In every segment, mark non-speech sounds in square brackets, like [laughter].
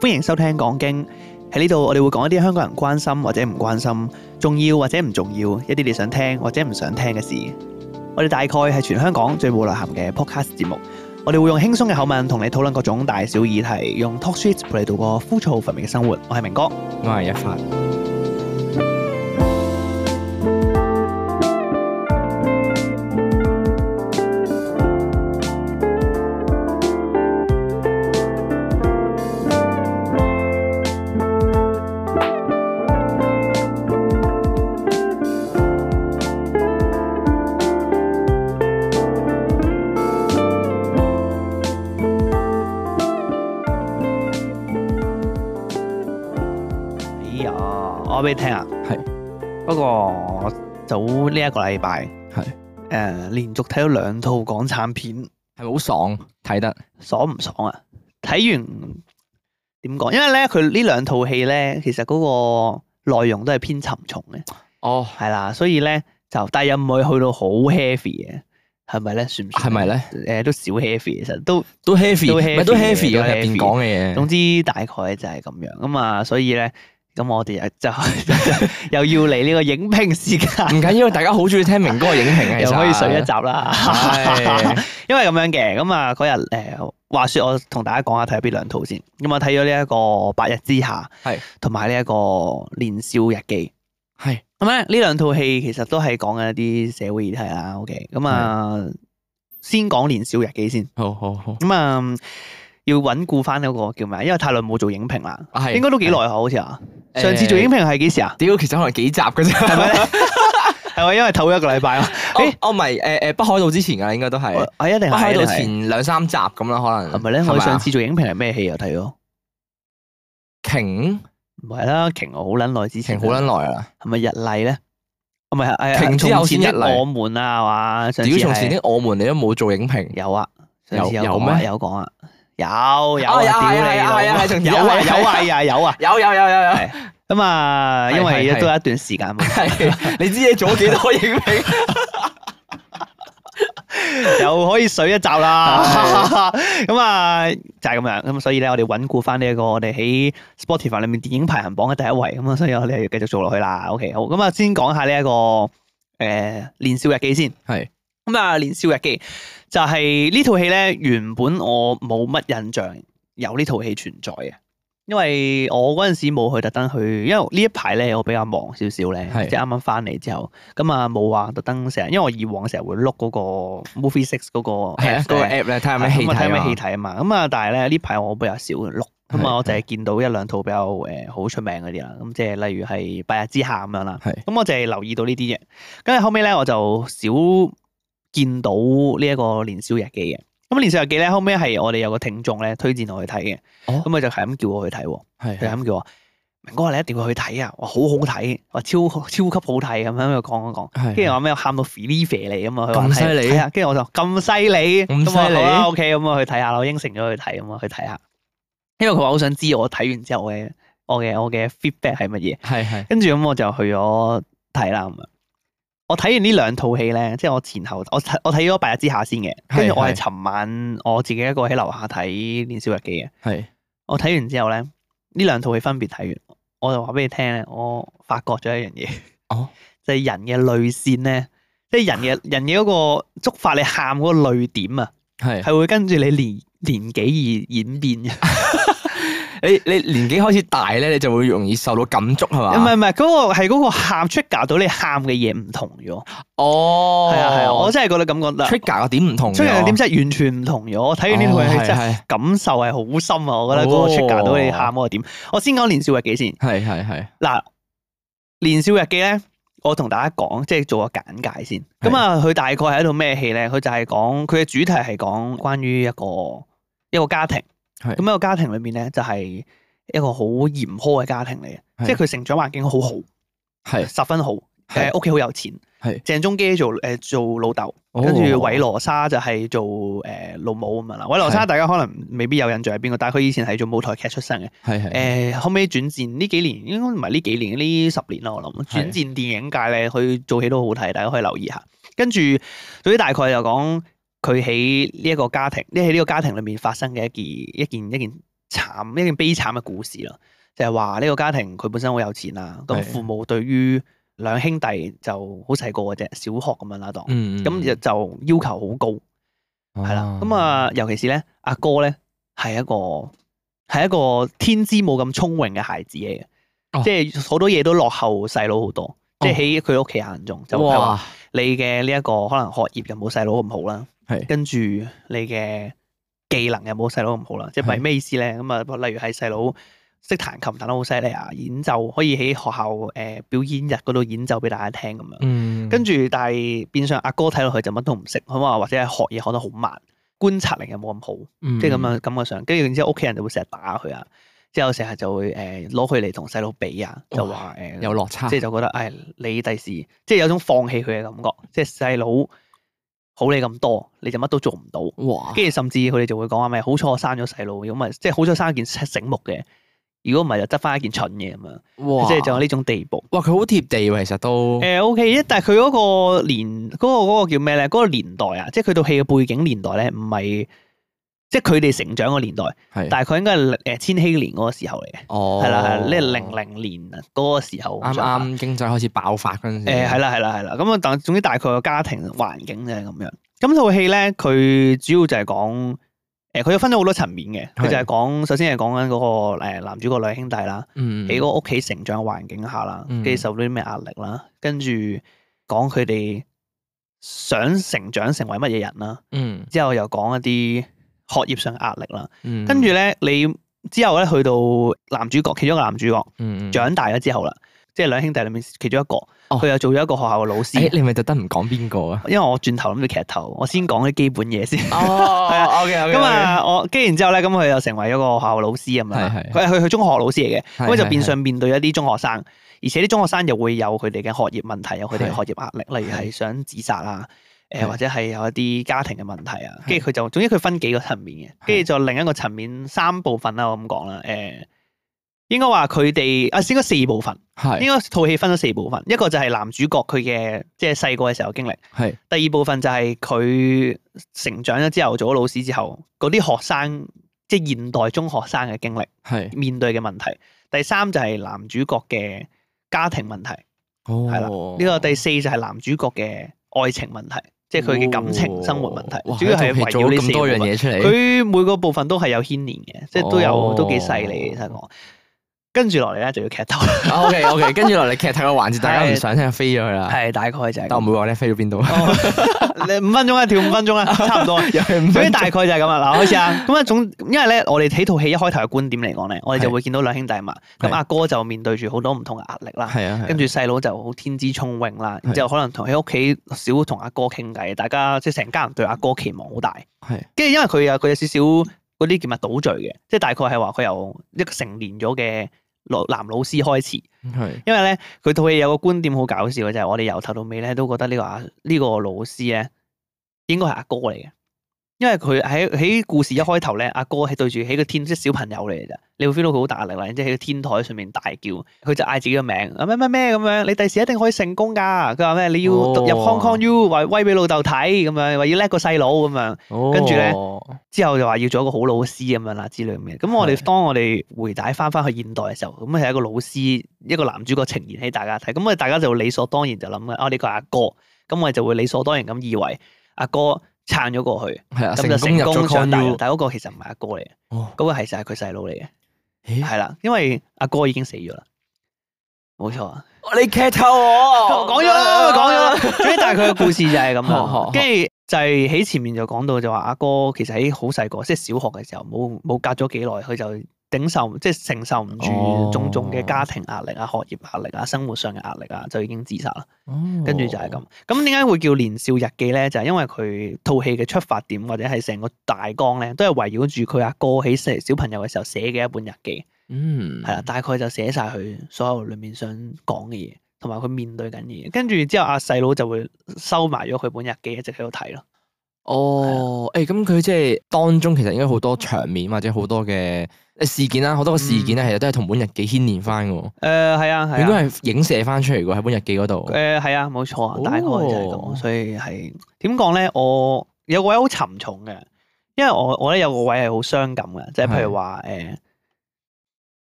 歡迎收聽《講經》，喺呢度我哋會講一啲香港人關心或者唔關心，重要或者唔重要，一啲你想聽或者唔想聽嘅事。我哋大概係全香港最冇內涵嘅 Podcast 節目，我哋會用輕鬆嘅口吻同你討論各種大小議題，用 Talk Shit 陪你度過枯燥乏味嘅生活。我係明哥，我係一發。 [music] [music] 個禮拜係誒，連續睇咗兩套港產片，係好爽睇得爽唔爽啊？睇完點講？因為咧，佢呢兩套戲咧，其實嗰個內容都係偏沉重嘅。哦，係啦，所以咧就，但又唔會去到好 heavy 嘅，係咪咧？算係咪咧？誒、呃，都少 heavy，其實都都 heavy，唔係都 heavy, 都 heavy 都入。入邊講嘅嘢，總之大概就係咁樣啊嘛、嗯，所以咧。咁我哋又就 [laughs] 又要嚟呢個影評時間，唔緊要，因為大家好中意聽明哥嘅影評 [laughs] 又可以水一集啦，因為咁樣嘅，咁啊嗰日誒，話說我同大家講下睇下邊兩套先，咁啊睇咗呢一個《白日之下》，是，係，同埋呢一個《年少日記》，係是，咁咧呢兩套戲其實都係講緊一啲社會議題啦，OK，咁啊先講《年少日記》先，好，好，好，咁啊。要穩固翻嗰個叫咩？因為太耐冇做影評啦，應該都幾耐好似啊，上次做影評係幾時啊？屌，其實可能幾集嘅啫，係咪咧？係喎，因為唞一個禮拜啊。誒，我唔係誒誒，北海道之前㗎，應該都係。啊，一定北海道前兩三集咁啦，可能。係咪咧，我上次做影評係咩戲啊？睇到。瓊唔係啦，瓊我好撚耐之前，好撚耐啊。係咪日麗咧？啊，唔係，瓊從前啲我們啊，係嘛？瓊從前啲我們你都冇做影評。有啊，有有咩有講啊？有有屌你咯，有啊有啊，係有啊，有有有有有咁啊，因為都有一段時間嘛，你知你做咗幾多影評，又可以水一集啦。咁啊就係咁樣，咁所以咧我哋穩固翻呢一個我哋喺 Spotify 裏面電影排行榜嘅第一位，咁啊所以我哋繼續做落去啦。OK 好，咁啊先講下呢一個誒《年少日記》先，係咁啊《年少日記》。就係呢套戲咧，原本我冇乜印象有呢套戲存在嘅，因為我嗰陣時冇去特登去，因為呢一排咧我比較忙少少咧，是即係啱啱翻嚟之後，咁啊冇話特登成日。因為我以往成日會碌嗰個 Movie Six 嗰個嗰個 app 咧，睇咩戲睇啊嘛，咁啊但係咧呢排我比較少碌，咁啊我就係見到一兩套比較誒好出名嗰啲啦，咁即係例如係《白日之下》咁樣啦，咁的我就係留意到呢啲嘢。跟住後尾咧我就少。見到呢一個年、嗯《年少日記》嘅，咁《年少日記》咧後尾係我哋有個聽眾咧推薦我去睇嘅，咁佢、哦、就係咁叫我去睇，係係咁叫我：「明哥，你一定要去睇啊，哇是好好睇，哇超超級好睇咁樣喺度講講講，跟住我咩喊到肥肥 e 嚟咁啊，咁犀利，啊，跟住我就咁犀利，咁犀利，好呀，OK，咁我去睇下、啊、我應承咗去睇咁、嗯、我去睇下、啊，因為佢話好想知我睇完之後嘅，我嘅我嘅 feedback 係乜嘢，係係，跟住咁我就去咗睇啦咁啊。我睇完呢兩套戲咧，即係我前後我睇我睇咗白日之下先嘅，跟住我係尋晚是是我自己一個喺樓下睇《年少日記》嘅，係是是 我睇完之後咧，呢兩套戲分別睇完，我就話俾你聽咧，我發覺咗一樣嘢。哦，就係人嘅淚腺咧、即、就、係、是、人嘅、啊、人嘅嗰個觸發你喊嗰個淚點啊，係係是是 會跟住你年年紀而演變嘅、啊。 [laughs] 你你年紀開始大咧，你就會容易受到感觸係嘛？唔係唔係，嗰、嗰個係嗰個喊 trigger 到你喊嘅嘢唔同咗。哦，係啊，係啊，我真係覺得咁講。trigger 個點唔同，trigger 個點真係完全唔同咗。我睇完呢套戲真係感受係好深啊！我覺得嗰個 trigger、oh. 到你喊嗰個點。我先講年少日記先。係係係。嗱，年少日記咧，我同大家講，即、就、係、是、做個簡介先。咁啊是，佢大概係一套咩戲咧？佢就係講，佢嘅主題係講關於一個一個家庭。咁一個家庭裏面咧，就係一個好嚴苛嘅家庭嚟嘅。是即係佢成長環境好好，係是十分好，誒屋企好有錢。鄭中是基做誒、呃、做老豆，哦哦哦跟住韋羅莎就係做誒、呃、老母咁樣啦。韋羅莎大家可能未必有印象係邊個，但係佢以前係做舞台劇出身嘅，係係誒後尾轉戰呢幾年，應該唔係呢幾年呢十年咯，我諗轉戰電影界咧，佢做戲都好好睇，大家可以留意下。跟住總之大概就講。佢喺呢一個家庭，呢喺呢個家庭裏面發生嘅一件一件一件慘，一件悲慘嘅故事咯，就係話呢個家庭佢本身好有錢啦，咁父母對於兩兄弟就好細個嘅啫，小學咁樣啦，當咁就要求好高，係啦、嗯，咁啊，尤其是咧阿哥咧係一個係一個天資冇咁聰穎嘅孩子嚟嘅，哦、即係好多嘢都落後細佬好多，哦、即係喺佢屋企眼中就係話你嘅呢一個可能學業又冇細佬咁好啦。係，跟住你嘅技能又冇細佬咁好啦，即係唔係咩意思咧？咁啊，例如係細佬識彈琴彈得好犀利啊，演奏可以喺學校誒表演日嗰度演奏俾大家聽咁樣。嗯，跟住但係變相阿哥睇落去就乜都唔識，好嘛？或者係學嘢學得好慢，觀察力又冇咁好，即係咁啊咁嘅上，跟住然之後屋企人就會成日打佢啊，之後成日就會誒攞佢嚟同細佬比啊，就話誒有落差，即係就覺得誒你第時即係有種放棄佢嘅感覺，即係細佬。好你咁多，你就乜都做唔到。跟住嘩甚至佢哋就會講話：咩好彩我生咗細路，如果唔係，即係好彩生一件醒目嘅；如果唔係，就執返一件蠢嘢咁樣。嘩即係仲有呢種地步。哇！佢好貼地喎、啊，其實都。誒 OK，一但係佢嗰個年嗰個嗰個叫咩咧？嗰個年代啊，即係佢套戲嘅背景年代咧，唔係。即係佢哋成長個年代，係是大概應該係誒千禧年嗰個時候嚟嘅，係啦、哦，呢零零年嗰個時候，啱啱、哦、經濟開始爆發嗰陣時。誒係啦係啦係啦，咁啊，但總之大概個家庭環境就係咁樣。咁套戲咧，佢主要就係講，誒佢有分咗好多層面嘅，佢就係講，首先係講緊嗰個誒男主角兩兄弟啦，喺的、嗯、個屋企成長環境下啦，跟住受到啲咩壓力啦，跟住講佢哋想成長成為乜嘢人啦，嗯，之後又講一啲。學業上嘅壓力啦，跟住咧，你之後咧去到男主角其中一個男主角，長大咗之後啦，即係兩兄弟裏面其中一個，佢又做咗一個學校嘅老師。你係咪特登唔講邊個啊？因為我轉頭諗住劇頭，我先講啲基本嘢先。哦，咁啊，我跟完之後咧，咁佢又成為咗一個學校老師吖嘛？佢係佢佢中學老師嚟嘅，咁就變相面對一啲中學生，而且啲中學生又會有佢哋嘅學業問題，有佢哋嘅學業壓力，例如係想自殺啊。誒、呃，或者係有一啲家庭嘅問題啊，跟住佢就，總之佢分幾個層面嘅，跟住是就另一個層面三部分啦，我咁講啦，誒、呃，應該話佢哋啊，應該四部分，係是，應該套戲分咗四部分，一個就係男主角佢嘅即係細個嘅時候經歷，係是，第二部分就係佢成長咗之後做咗老師之後，嗰啲學生即係現代中學生嘅經歷，係是，面對嘅問題，第三就係男主角嘅家庭問題，的哦，係啦，呢個第四就係男主角嘅愛情問題。即係佢嘅感情、哦、生活問題，哇主要係圍繞呢四樣嘢出嚟。佢每個部分都係有牽連嘅，哦、即係都有都幾細利嘅。其實我。跟住落嚟咧就要劇透。OK OK，跟住落嚟劇透嘅環節，大家唔想聽飛咗佢啦。係大概就係。但唔會話你飛到邊度。你五分鐘啊，跳五分鐘啊，差唔多。所以大概就係咁啊。嗱，開始啊。咁啊，總因為咧，我哋睇套戲一開頭嘅觀點嚟講咧，我哋就會見到兩兄弟嘛。咁阿哥就面對住好多唔同嘅壓力啦。係啊。跟住細佬就好天資聰穎啦，然之後可能同喺屋企少同阿哥傾偈，大家即係成家人對阿哥期望好大。係。跟住因為佢啊，佢有少少嗰啲叫乜倒敘嘅，即係大概係話佢由一個成年咗嘅。男老師開始，因為咧佢套戲有個觀點好搞笑嘅，就係、係、我哋由頭到尾都覺得呢個老師咧應該係阿哥嚟嘅。因為佢喺喺故事一開頭咧，阿哥係對住喺個天，即、就是、小朋友嚟咋，你會 feel 到佢好大力啦，即係喺個天台上面大叫，佢就嗌自己個名，咩咩咩咁樣，你第時一定可以成功噶。佢話咩？你要讀入 Hong Kong U 話威俾老豆睇，咁樣，話要叻個細佬咁樣。跟住咧之後就話要做一個好老師咁樣啦之類咁嘅。咁我哋當我哋回帶翻翻去現代嘅時候，咁係的一個老師，一個男主角呈現俾大家睇，咁我哋大家就理所當然就諗啦，啊、哦、呢個阿哥，咁我哋就會理所當然咁以為阿哥。撐咗過去，係啊的，成功，上成功入咗撐。但嗰個其實唔係阿哥嚟嘅，嗰、哦，個其實係佢細佬嚟嘅。係啦咦，因為阿哥已經死咗啦，冇錯。你劇透我，講咗啦，講咗啦。 [laughs] 但係佢嘅故事就係咁。跟住就係喺前面就講到就話阿哥其實喺好細個，即係小學嘅時候，冇、就、冇、是、隔咗幾耐，佢就。頂受即係承受唔住重重嘅家庭壓力啊、學業壓力啊、生活上嘅壓力啊，就已經自殺啦。Oh. 跟住就係咁。咁點解會叫《年少日記》咧？就係、是、因為佢套戲嘅出發點或者係成個大綱咧，都係圍繞住佢阿哥喺細個小朋友嘅時候寫嘅一本日記。嗯，係啦，大概就寫晒佢所有裡面想講嘅嘢，同埋佢面對緊嘅嘢。跟住之後，阿細佬就會收埋咗佢本日記，一直喺度睇咯。哦，誒，咁佢即係當中其實應該好多場面或者好多嘅。事件啦，好多個事件咧，其實都係同本日記牽連翻嘅。誒，係啊，係啊，應該係影射翻出嚟嘅喎，喺本日記嗰度。誒，係啊，冇錯啊，大概就係咁，所以係點講咧？我有個位好沉重嘅，因為我我咧有個位係好傷感嘅，即係譬如話誒，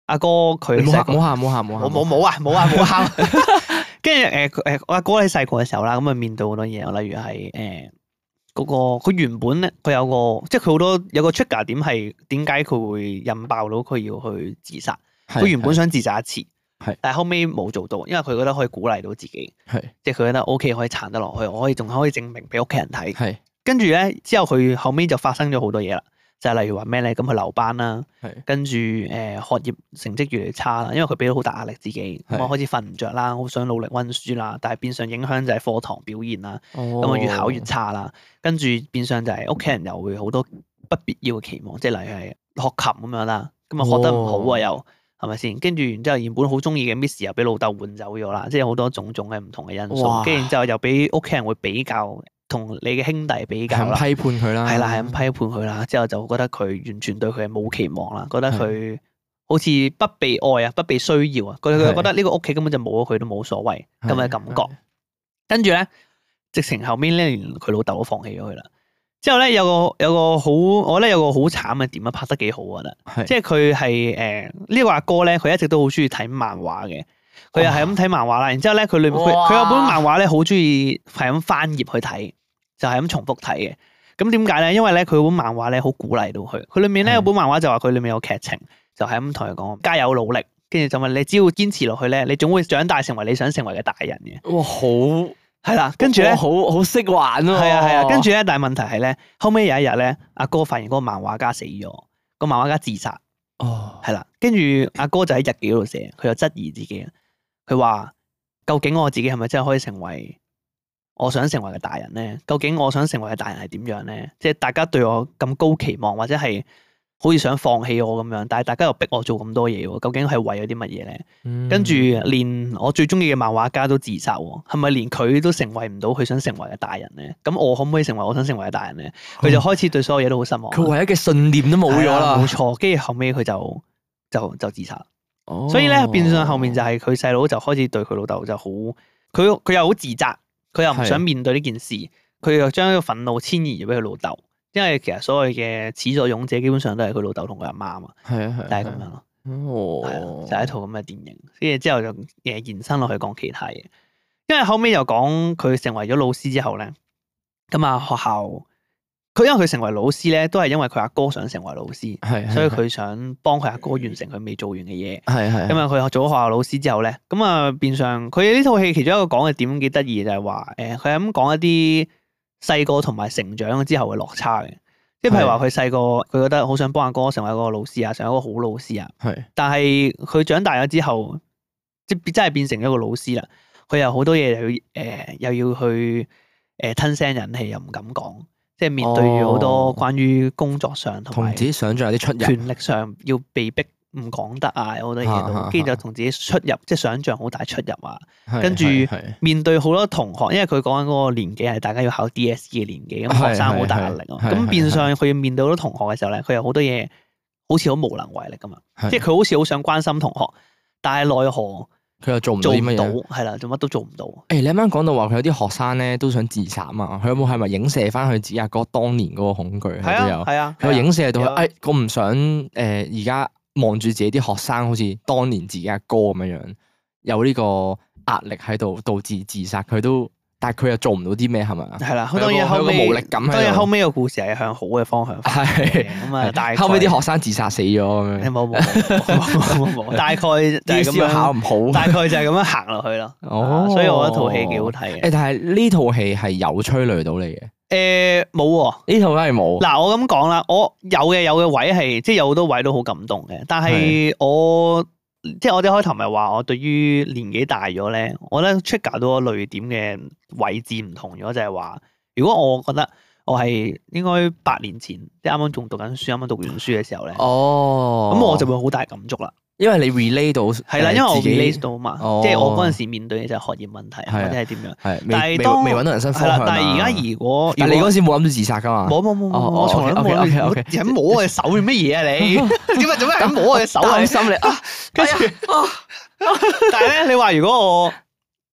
阿哥佢冇喊，冇喊，冇喊，冇冇冇啊冇喊冇喊。跟住誒誒，我阿哥喺細個嘅時候啦，咁啊面對好多嘢，例如係誒。嗰個佢原本咧，佢有個即係佢好多有個 trigger 點係，點解佢會引爆到佢要去自殺？佢原本想自殺一次，是但係後尾冇做到，因為佢覺得可以鼓勵到自己，是是 即係佢覺得 OK 可以撐得落去，我可以仲可以證明俾屋企人睇。是是 跟住咧，之後佢後尾就發生咗好多嘢啦。就例如話咩咧？咁佢留班啦，是跟住誒、呃、學業成績越嚟越差啦，因為佢俾到好大壓力自己，我啊是開始瞓唔着啦，好想努力溫書啦，但係變相影響就係課堂表現啦，咁啊、哦、越考越差啦，跟住變相就係屋企人又會好多不必要嘅期望，即係例如係學琴咁樣啦，咁啊學得唔好啊又係咪先？跟住然之後原本好中意嘅 Miss 又俾老豆換走咗啦，即係好多種種嘅唔同嘅因素，跟住之後又俾屋企人會比較。同你嘅兄弟比較啦，批判佢啦，係啦係咁批判佢啦，之後就覺得佢完全對佢係冇期望啦，覺得佢好似不被愛啊，不被需要啊，佢佢覺得呢個屋企根本就冇咗佢都冇所謂咁嘅感覺。是的 跟住咧，直情後面咧，連佢老豆都放棄咗佢啦。之後咧，有個有個，覺得有個得好，我咧有是的、呃這個好慘嘅點啊，拍得幾好啊，我覺得。即係佢係誒呢個阿哥咧，佢一直都好中意睇漫畫嘅，佢又係咁睇漫畫啦。然之後咧，佢里佢佢有本漫畫咧，好中意係咁翻頁去睇。就係咁重複睇嘅，咁點解咧？因為咧佢本漫畫咧好鼓勵到佢，佢裏面咧有本漫畫就話佢裏面有劇情，的就係咁同佢講，加油努力，跟住就問你，只要堅持落去咧，你總會長大成為你想成為嘅大人嘅。哇，好係啦，跟住咧好好識玩咯，係啊係啊，跟住咧，但係問題係咧，後尾有一日咧，阿哥發現嗰個漫畫家死咗，個漫畫家自殺哦，係啦，跟住阿哥就喺日記度寫，佢又質疑自己，佢話究竟我自己係咪真係可以成為？我想成為嘅大人咧，究竟我想成為嘅大人係點樣咧？即係大家對我咁高期望，或者係好似想放棄我咁樣，但係大家又逼我做咁多嘢，究竟係為咗啲乜嘢咧？嗯、跟住連我最中意嘅漫畫家都自殺，係咪連佢都成為唔到佢想成為嘅大人咧？咁我可唔可以成為我想成為嘅大人咧？佢、嗯、就開始對所有嘢都好失望，佢唯一嘅信念都冇咗啦。冇錯，跟住後尾，佢就就就自殺。哦、所以咧變相後面就係佢細佬就開始對佢老豆就好，佢佢又好自責。佢又唔想面對呢件事，佢又將呢個憤怒遷移咗俾佢老豆，因為其實所謂嘅始作俑者基本上都係佢老豆同佢阿媽啊嘛，係啊係，就係咁樣咯。哦，就係一套咁嘅電影，跟住之後就誒延伸落去講其他嘢，因為後尾又講佢成為咗老師之後咧，咁啊學校。佢因為佢成為老師咧，都係因為佢阿哥想成為老師，係係係，所以佢想幫佢阿哥完成佢未做完嘅嘢。係係。因為佢做咗學校老師之後咧，咁啊變相佢呢套戲其中一個講嘅點幾得意，就係話誒，佢、係、咁講一啲細個同埋成長之後嘅落差嘅。即係譬如話佢細個佢覺得好想幫阿哥成為一個老師啊，成為一個好老師啊。係。但係佢長大咗之後，即變真係變成一個老師啦。佢又好多嘢要誒、呃，又要去誒吞聲忍氣，又唔敢講。即係面對住好多關於工作上同埋自己想象有啲出入，權力上要被逼唔講得啊，好多嘢都，跟住就同自己出入，即係想象好大出入啊。是跟住面對好多同學，因為佢講緊嗰個年紀係大家要考 DSE 嘅年紀，咁學生好大壓力啊。咁變相佢要面對好多同學嘅時候咧，佢有好多嘢好似好無能為力噶嘛。是即係佢好似好想關心同學，但係奈何。佢又做唔到，到，係啦，做乜都做唔到。誒、欸，你啱啱講到話佢有啲學生咧都想自殺嘛？佢有冇係咪影射翻佢自己阿哥，哥當年嗰個恐懼？係啊的，係啊有，佢影射到，誒的、哎，佢唔想誒，而家望住自己啲學生，好似當年自己阿哥咁樣樣，有呢個壓力喺度導致自殺，佢都。但係佢又做唔到啲咩，係咪啊？係啦，好多嘢，無力感，好多嘢，後尾個故事係向好嘅方向。係咁啊，後尾啲學生自殺死咗咁樣。冇冇冇，大概就咁樣考唔好。大概就係咁樣行落去咯。哦，所以我覺得套戲幾好睇嘅。誒，但係呢套戲係有催淚到你嘅。誒，冇喎，呢套梗係冇。嗱，我咁講啦，我有嘅有嘅位係，即係有好多位都好感動嘅，但係我。即係我哋開頭咪話我對於年紀大咗咧，我覺得出搞到個淚點嘅位置唔同咗，就係話如果我覺得我係應該八年前，即係啱啱仲讀緊書，啱啱讀完書嘅時候咧，哦，咁我就會好大感觸啦。因為你 relate 到係啦，因為我 relate 到嘛，即係我嗰陣時面對嘅就係學業問題或者係點樣，但係都未搵到人生方向啦。但係而家如果但係你嗰陣時冇諗住自殺噶嘛？冇冇冇冇，我從來冇。緊摸我隻手做乜嘢啊？你點啊？做咩？咁摸我隻手啊？好心你啊！跟住，但係咧，你話如果我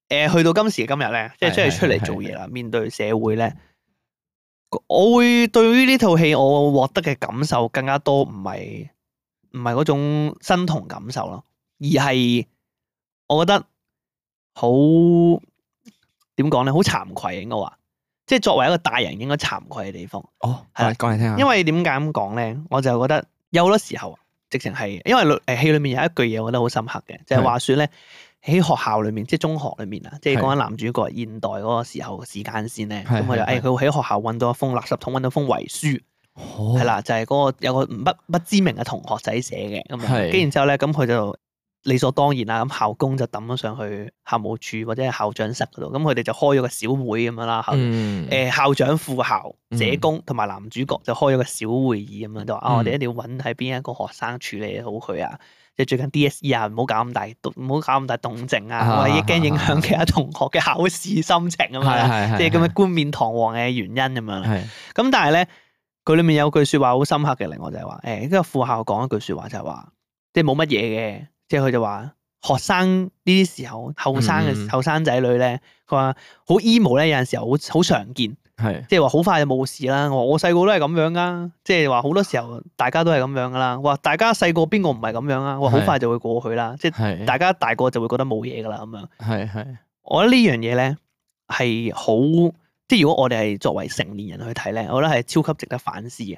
誒去到今時今日咧，即係出嚟出嚟做嘢啦，面對社會咧，我會對於呢套戲我獲得嘅感受更加多，唔係。唔係嗰種身同感受咯，而係我覺得好，點講咧，好慚愧應該話，即係作為一個大人應該慚愧嘅地方。哦，係啊，講嚟聽下。因為點解咁講咧？我就覺得有好多時候，直情係因為裏誒戲裡面有一句嘢，我覺得好深刻嘅，是就係話説咧，喺學校裡面，即係中學裡面啊，即係講緊男主角現代嗰個時候時間線咧，咁佢就，誒佢會喺學校揾到一封垃圾桶，揾到封遺書。係啦、哦，就係嗰個有個不不知名嘅同學仔寫嘅，咁，跟住之後咧，咁佢就理所當然啦，咁校工就抌咗上去校務處或者係校長室嗰度，咁佢哋就開咗個小會咁樣啦，誒、啊，校長、副校、社工同埋男主角就開咗個小會議咁樣，就話啊，我哋一定要揾喺邊一個學生處理好佢啊，即係、嗯、最近 D S E 啊，唔好搞咁大，唔好搞咁大動靜啊，或者驚影響其他同學嘅考試心情啊嘛，即係咁嘅冠冕堂皇嘅原因咁樣，咁但係咧。佢裏面有句說話好深刻嘅，令我就係話，誒、哎，呢個副校講一句說話就係話，即係冇乜嘢嘅，即係佢就話學生呢啲時候後生嘅、嗯、後生仔女咧，佢話好 emo 咧，有陣時候好好常見，係是，即係話好快就冇事啦。我我細個都係咁樣噶，即係話好多時候大家都係咁樣噶啦。話大家細個邊個唔係咁樣啊？我話好快就會過去啦，是即係大家大個就會覺得冇嘢噶啦咁樣。係係，我覺得呢樣嘢咧係好。即係如果我哋係作為成年人去睇咧，我覺得係超級值得反思嘅。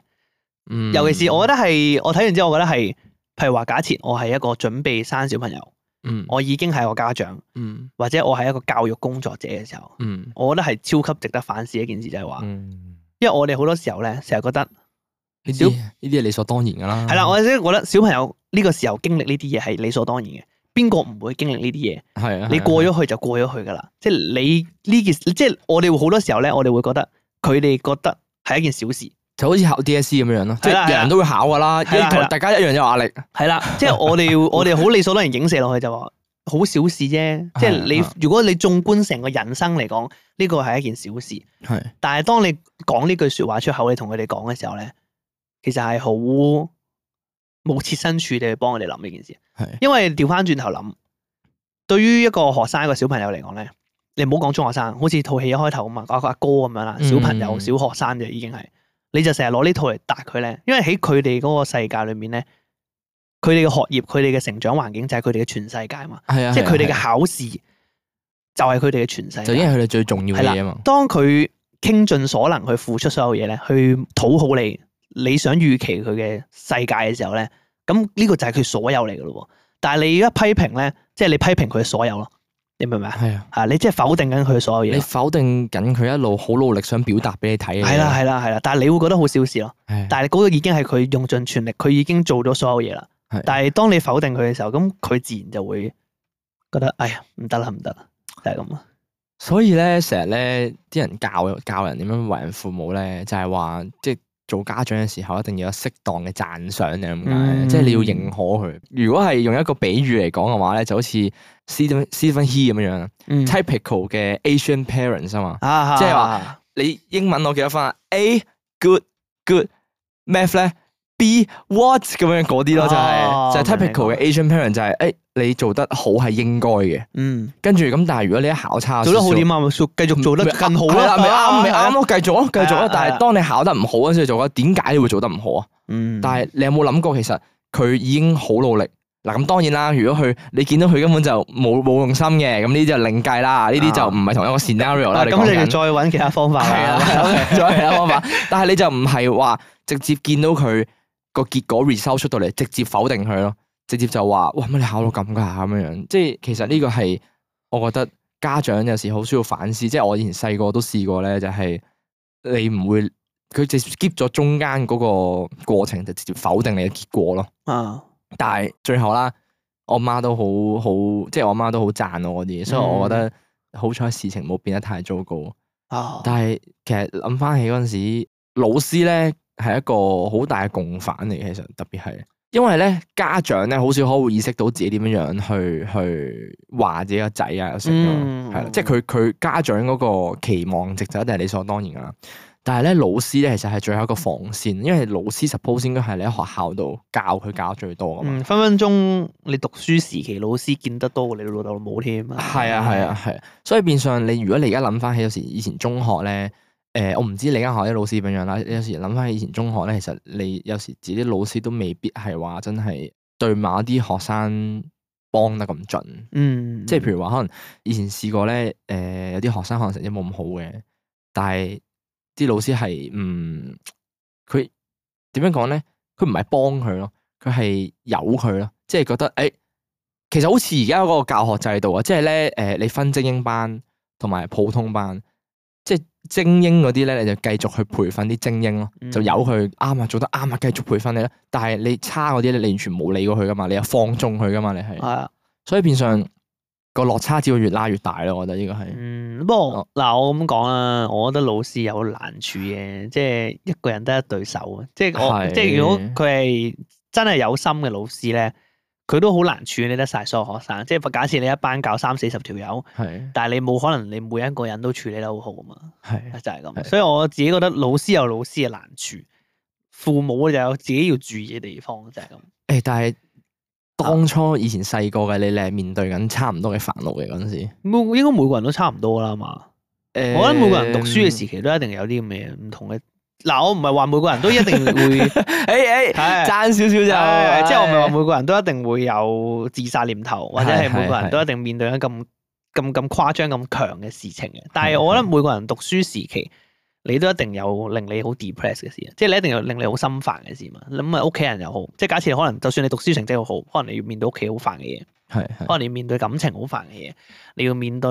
嗯，尤其是我覺得係我睇完之後，我覺得係譬如話假設我係一個準備生小朋友，嗯，我已經係一個家長，嗯，或者我係一個教育工作者嘅時候，嗯，我覺得係超級值得反思一件事就係話，嗯，因為我哋好多時候咧，成日覺得呢啲呢啲係理所當然噶啦。係啦，我即係覺得小朋友呢個時候經歷呢啲嘢係理所當然嘅。邊個唔會經歷呢啲嘢？係啊，你過咗去就過咗去噶啦即係你呢件，即係我哋好多時候咧，我哋會覺得佢哋覺得係一件小事，就好似考 DSE 咁樣樣咯。即係人人都會考噶啦，大家一樣有壓力。係啦，即係我哋我哋好理所當然影射落去就話好小事啫。即係你如果你縱觀成個人生嚟講，呢個係一件小事。係，但係當你講呢句說話出口，你同佢哋講嘅時候咧，其實係好。冇切身處地去幫佢哋諗呢件事，係是因為調翻轉頭諗，對於一個學生一個小朋友嚟講咧，你唔好講中學生，好似套戲一開頭咁嘛，嗰個阿哥咁樣啦，小朋友、嗯、小學生就已，已經係，你就成日攞呢套嚟答佢咧，因為喺佢哋嗰個世界裏面咧，佢哋嘅學業、佢哋嘅成長環境就係佢哋嘅全世界嘛，係啊，啊啊即係佢哋嘅考試就係佢哋嘅全世界，就已經係佢哋最重要嘅嘢啊嘛。啊當佢傾盡所能去付出所有嘢咧，去討好你。你想預期佢嘅世界嘅時候咧，咁、那、呢個就係佢所有嚟嘅咯喎。但係你而家批評咧，是即係你批評佢嘅所有咯，你明唔明啊？係啊，係你即係否定緊佢嘅所有嘢。你否定緊佢一路好努力想表達俾你睇嘅嘢。係啦，係啦，係啦。但係你會覺得好小事咯。但係嗰個已經係佢用盡全力，佢已經做咗所有嘢啦。係。但係當你否定佢嘅時候，咁佢自然就會覺得，哎呀，唔得啦，唔得啦，就係咁啊。所以咧，成日咧，啲人教教人點樣為人父母咧，就係話即係。做家長嘅時候，一定要有適當嘅讚賞你咁解，mm hmm. 即係你要認可佢。如果係用一個比喻嚟講嘅話咧，就好似、mm hmm. Stephen He 咁樣 typical 嘅 Asian parents 啊嘛、mm，hmm. 即係話你英文攞幾多分啊？A good good math 咧。Be what 咁樣嗰啲咯，就係就 typical 嘅 Asian parent 就係誒，你做得好係應該嘅，嗯，跟住咁但係如果你一考差，做得好點啊，繼續做得更好啦，咪啱咪啱咯，繼續咯繼續咯，但係當你考得唔好嗰時做咧，點解你會做得唔好啊？嗯，但係你有冇諗過其實佢已經好努力嗱。咁當然啦，如果佢你見到佢根本就冇冇用心嘅，咁呢啲就另計啦，呢啲就唔係同一個 scenario 啦。咁就再搵其他方法，係啊，再搵其他方法，但係你就唔係話直接見到佢。個結果 research 出到嚟，直接否定佢咯，直接就話，哇，乜你考到咁噶？咁樣樣，即係其實呢個係，我覺得家長有時好需要反思。即係我以前細個都試過咧，就係、是、你唔會佢直接 skip 咗中間嗰個過程，就直接否定你嘅結果咯。啊！但係最後啦，我媽都好好，即係我媽都好讚我啲嘢，所以我覺得好彩事情冇變得太糟糕。啊！但係其實諗翻起嗰陣時，老師咧。係一個好大嘅共犯嚟，其實特別係，因為咧家長咧好少可會意識到自己點樣樣去去話自己個仔啊，成咯係即係佢佢家長嗰個期望值就一定係理所當然啦。但係咧老師咧其實係最後一個防線，因為老師 suppose 應該係你喺學校度教佢教最多噶嘛，嗯，分分鐘你讀書時期老師見得多，你老豆老母添啊。係啊係啊係啊，所以變相你如果你而家諗翻起有時以前中學咧。誒、呃，我唔知你間學校啲老師點樣啦。有時諗翻起以前中學咧，其實你有時自己啲老師都未必係話真係對某一啲學生幫得咁盡。嗯，嗯，即係譬如話可能以前試過咧，誒、呃、有啲學生可能成績冇咁好嘅，但係啲老師係唔，佢、嗯、點樣講咧？佢唔係幫佢咯，佢係由佢咯，即、就、係、是、覺得誒、欸，其實好似而家嗰個教學制度啊，即係咧誒，你分精英班同埋普通班。即係精英嗰啲咧，你就繼續去培訓啲精英咯，嗯、就由佢啱啊，做得啱啊，繼續培訓你啦。但係你差嗰啲咧，你完全冇理過佢噶嘛，你又放縱佢噶嘛，你係係啊，所以變相個落差只會越拉越大咯。我覺得呢個係，嗯，不過嗱，哦、我咁講啊，我覺得老師有難處嘅，即係一個人得一對手啊，即係我是 即係如果佢係真係有心嘅老師咧。佢都好難處理得晒所有學生，即係假設你一班教三四十條友，係，但係你冇可能你每一個人都處理得好好啊嘛，係，就係咁。係，所以我自己覺得老師有老師嘅難處，父母就有自己要注意嘅地方，就係咁，係。誒，但係當初以前細個嘅你，你係面對緊差唔多嘅煩惱嘅嗰陣時，每應該每個人都差唔多啦嘛。誒，我覺得每個人讀書嘅時期都一定有啲咁嘅唔同嘅。嗱，我唔係話每個人都一定會，誒誒、 [laughs] 欸欸，係爭少少就，點點即係我唔係話每個人都一定會有自殺念頭，是或者係每個人都一定面對緊咁咁咁誇張、咁強嘅事情嘅。但係我覺得每個人讀書時期，你都一定有令你好 depressed 嘅事，即係你一定有令你好心煩嘅事嘛。咁啊，屋企人又好，即係假設可能，就算你讀書成績好好，可能你要面對屋企好煩嘅嘢。係，可能你面對感情好煩嘅嘢，你要面對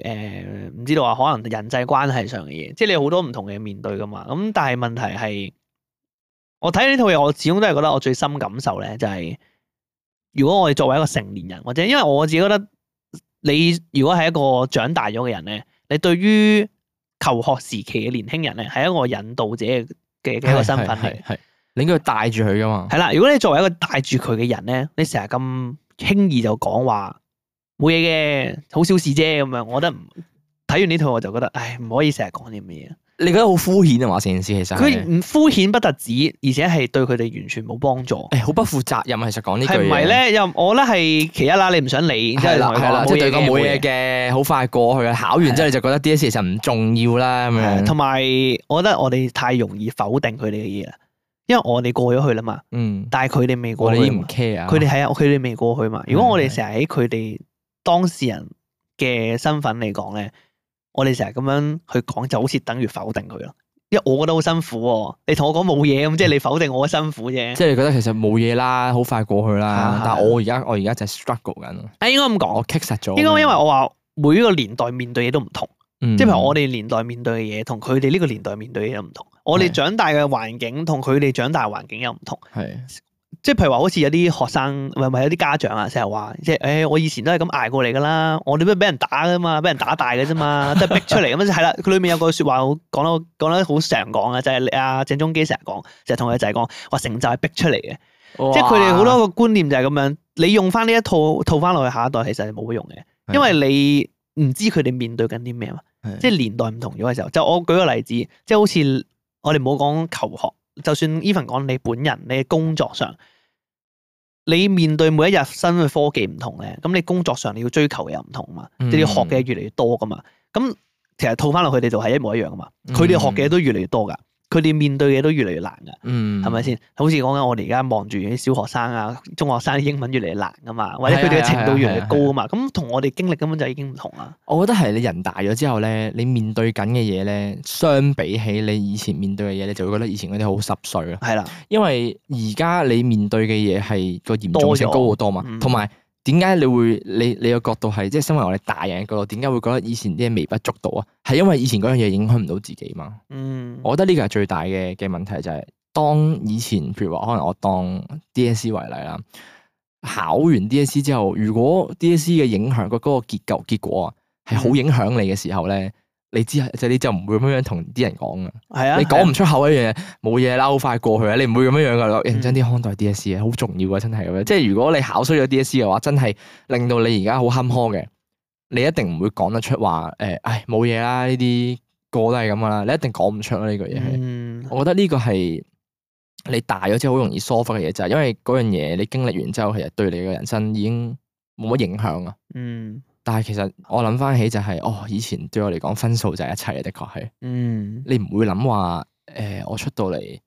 誒，唔、呃、知道話可能人際關係上嘅嘢，即係你有好多唔同嘅面對噶嘛。咁但係問題係，我睇呢套嘢，我始終都係覺得我最深感受咧、就是，就係如果我哋作為一個成年人，或者因為我自己覺得你如果係一個長大咗嘅人咧，你對於求學時期嘅年輕人咧，係一個引導者嘅一個身份係，係，你應該帶住佢噶嘛。係啦，如果你作為一個帶住佢嘅人咧，你成日咁。輕易就講話冇嘢嘅，好小事啫咁樣。我覺得睇完呢套我就覺得，唉，唔可以成日講呢啲嘢。你覺得好敷衍啊嘛？成件事其實佢唔敷衍不特止止，而且係對佢哋完全冇幫助。誒，好不負責任，其實講呢句係唔係咧？又我咧係其一啦。你唔想理，係啦係啦，即係對佢冇嘢嘅，好快過去啦。考完之後你就覺得 DS 其實唔重要啦咁樣。同埋我覺得我哋太容易否定佢哋嘅嘢啦。因為我哋過咗去啦嘛，嗯、但係佢哋未過去。我哋唔 care 啊！佢哋係啊，佢哋未過去嘛。如果我哋成日喺佢哋當事人嘅身份嚟講咧，我哋成日咁樣去講，就好似等於否定佢咯。因為我覺得好辛苦，啊，你同我講冇嘢咁，即係你否定我嘅辛苦啫。即係你覺得其實冇嘢啦，好快過去啦。是是是，但係我而家我而家就 struggle 緊。誒，應該咁講，我 kick 咗。應該因為我話每個年代面對嘢都唔同。即係譬如我哋年代面對嘅嘢，同佢哋呢個年代面對嘅嘢唔同。我哋長大嘅環境同佢哋長大環境又唔同。係是，即係譬如話好似有啲學生，唔係有啲家長啊，成日話即係，誒、欸，我以前都係咁捱過嚟噶啦，我哋都係俾人打噶嘛，俾人打大嘅啫嘛，即係逼出嚟咁。係啦， [laughs] 佢裏面有個說話好講得講得好常講嘅，就係阿鄭中基成日講，成日同佢仔講話，成就係逼出嚟嘅。哇即係佢哋好多個觀念就係咁樣，你用翻呢一套套翻落去下一代，其實係冇用嘅，因為你唔知佢哋面對緊啲咩嘛。即係年代唔同咗嘅時候，就我舉個例子，即係好似我哋冇講求學，就算 Even 講你本人，你工作上，你面對每一日新嘅科技唔同咧，咁你工作上你要追求嘅又唔同嘛，即係你要學嘅越嚟越多噶嘛，咁、嗯嗯、其實套翻落佢哋就係一模一樣噶嘛，佢哋學嘅都越嚟越多噶。嗯嗯佢哋面對嘅都越嚟越難噶，係咪先？好似講緊我哋而家望住啲小學生啊、中學生啲英文越嚟越難啊嘛，或者佢哋嘅程度越嚟越高啊嘛，咁同、嗯嗯、我哋經歷根本就已經唔同啦。我覺得係你人大咗之後咧，你面對緊嘅嘢咧，相比起你以前面對嘅嘢，你就會覺得以前嗰啲好濕碎啊。係啦的，因為而家你面對嘅嘢係個嚴重性高好多嘛，同埋，嗯點解你會你你個角度係即係身為我哋大人嘅角度，點解會覺得以前啲嘢微不足道啊？係因為以前嗰樣嘢影響唔到自己嘛。嗯，我覺得呢個係最大嘅嘅問題就係、是、當以前譬如話可能我當 DSC 為例啦，考完 DSC 之後，如果 DSC 嘅影響個嗰個結構結果啊係好影響你嘅時候咧。嗯你知啊，就你就唔會咁樣同啲人講啊。係啊，你講唔出口一樣嘢，冇嘢啦，好快過去啊。你唔會咁樣樣噶，認真啲看待 DSE 啊，好重要啊，真係咁樣。嗯、即係如果你考衰咗 DSE 嘅話，真係令到你而家好坎坷嘅。你一定唔會講得出話誒，唉，冇嘢啦，呢啲過都係咁噶啦。你一定講唔出啦呢個嘢。嗯，我覺得呢個係你大咗之後好容易疏忽嘅嘢，就係因為嗰樣嘢你經歷完之後，其實對你嘅人生已經冇乜影響啊。嗯。但係其實我諗翻起就係、是、哦，以前對我嚟講分數就係一切嘅。的確係。嗯，你唔會諗話誒，我出到嚟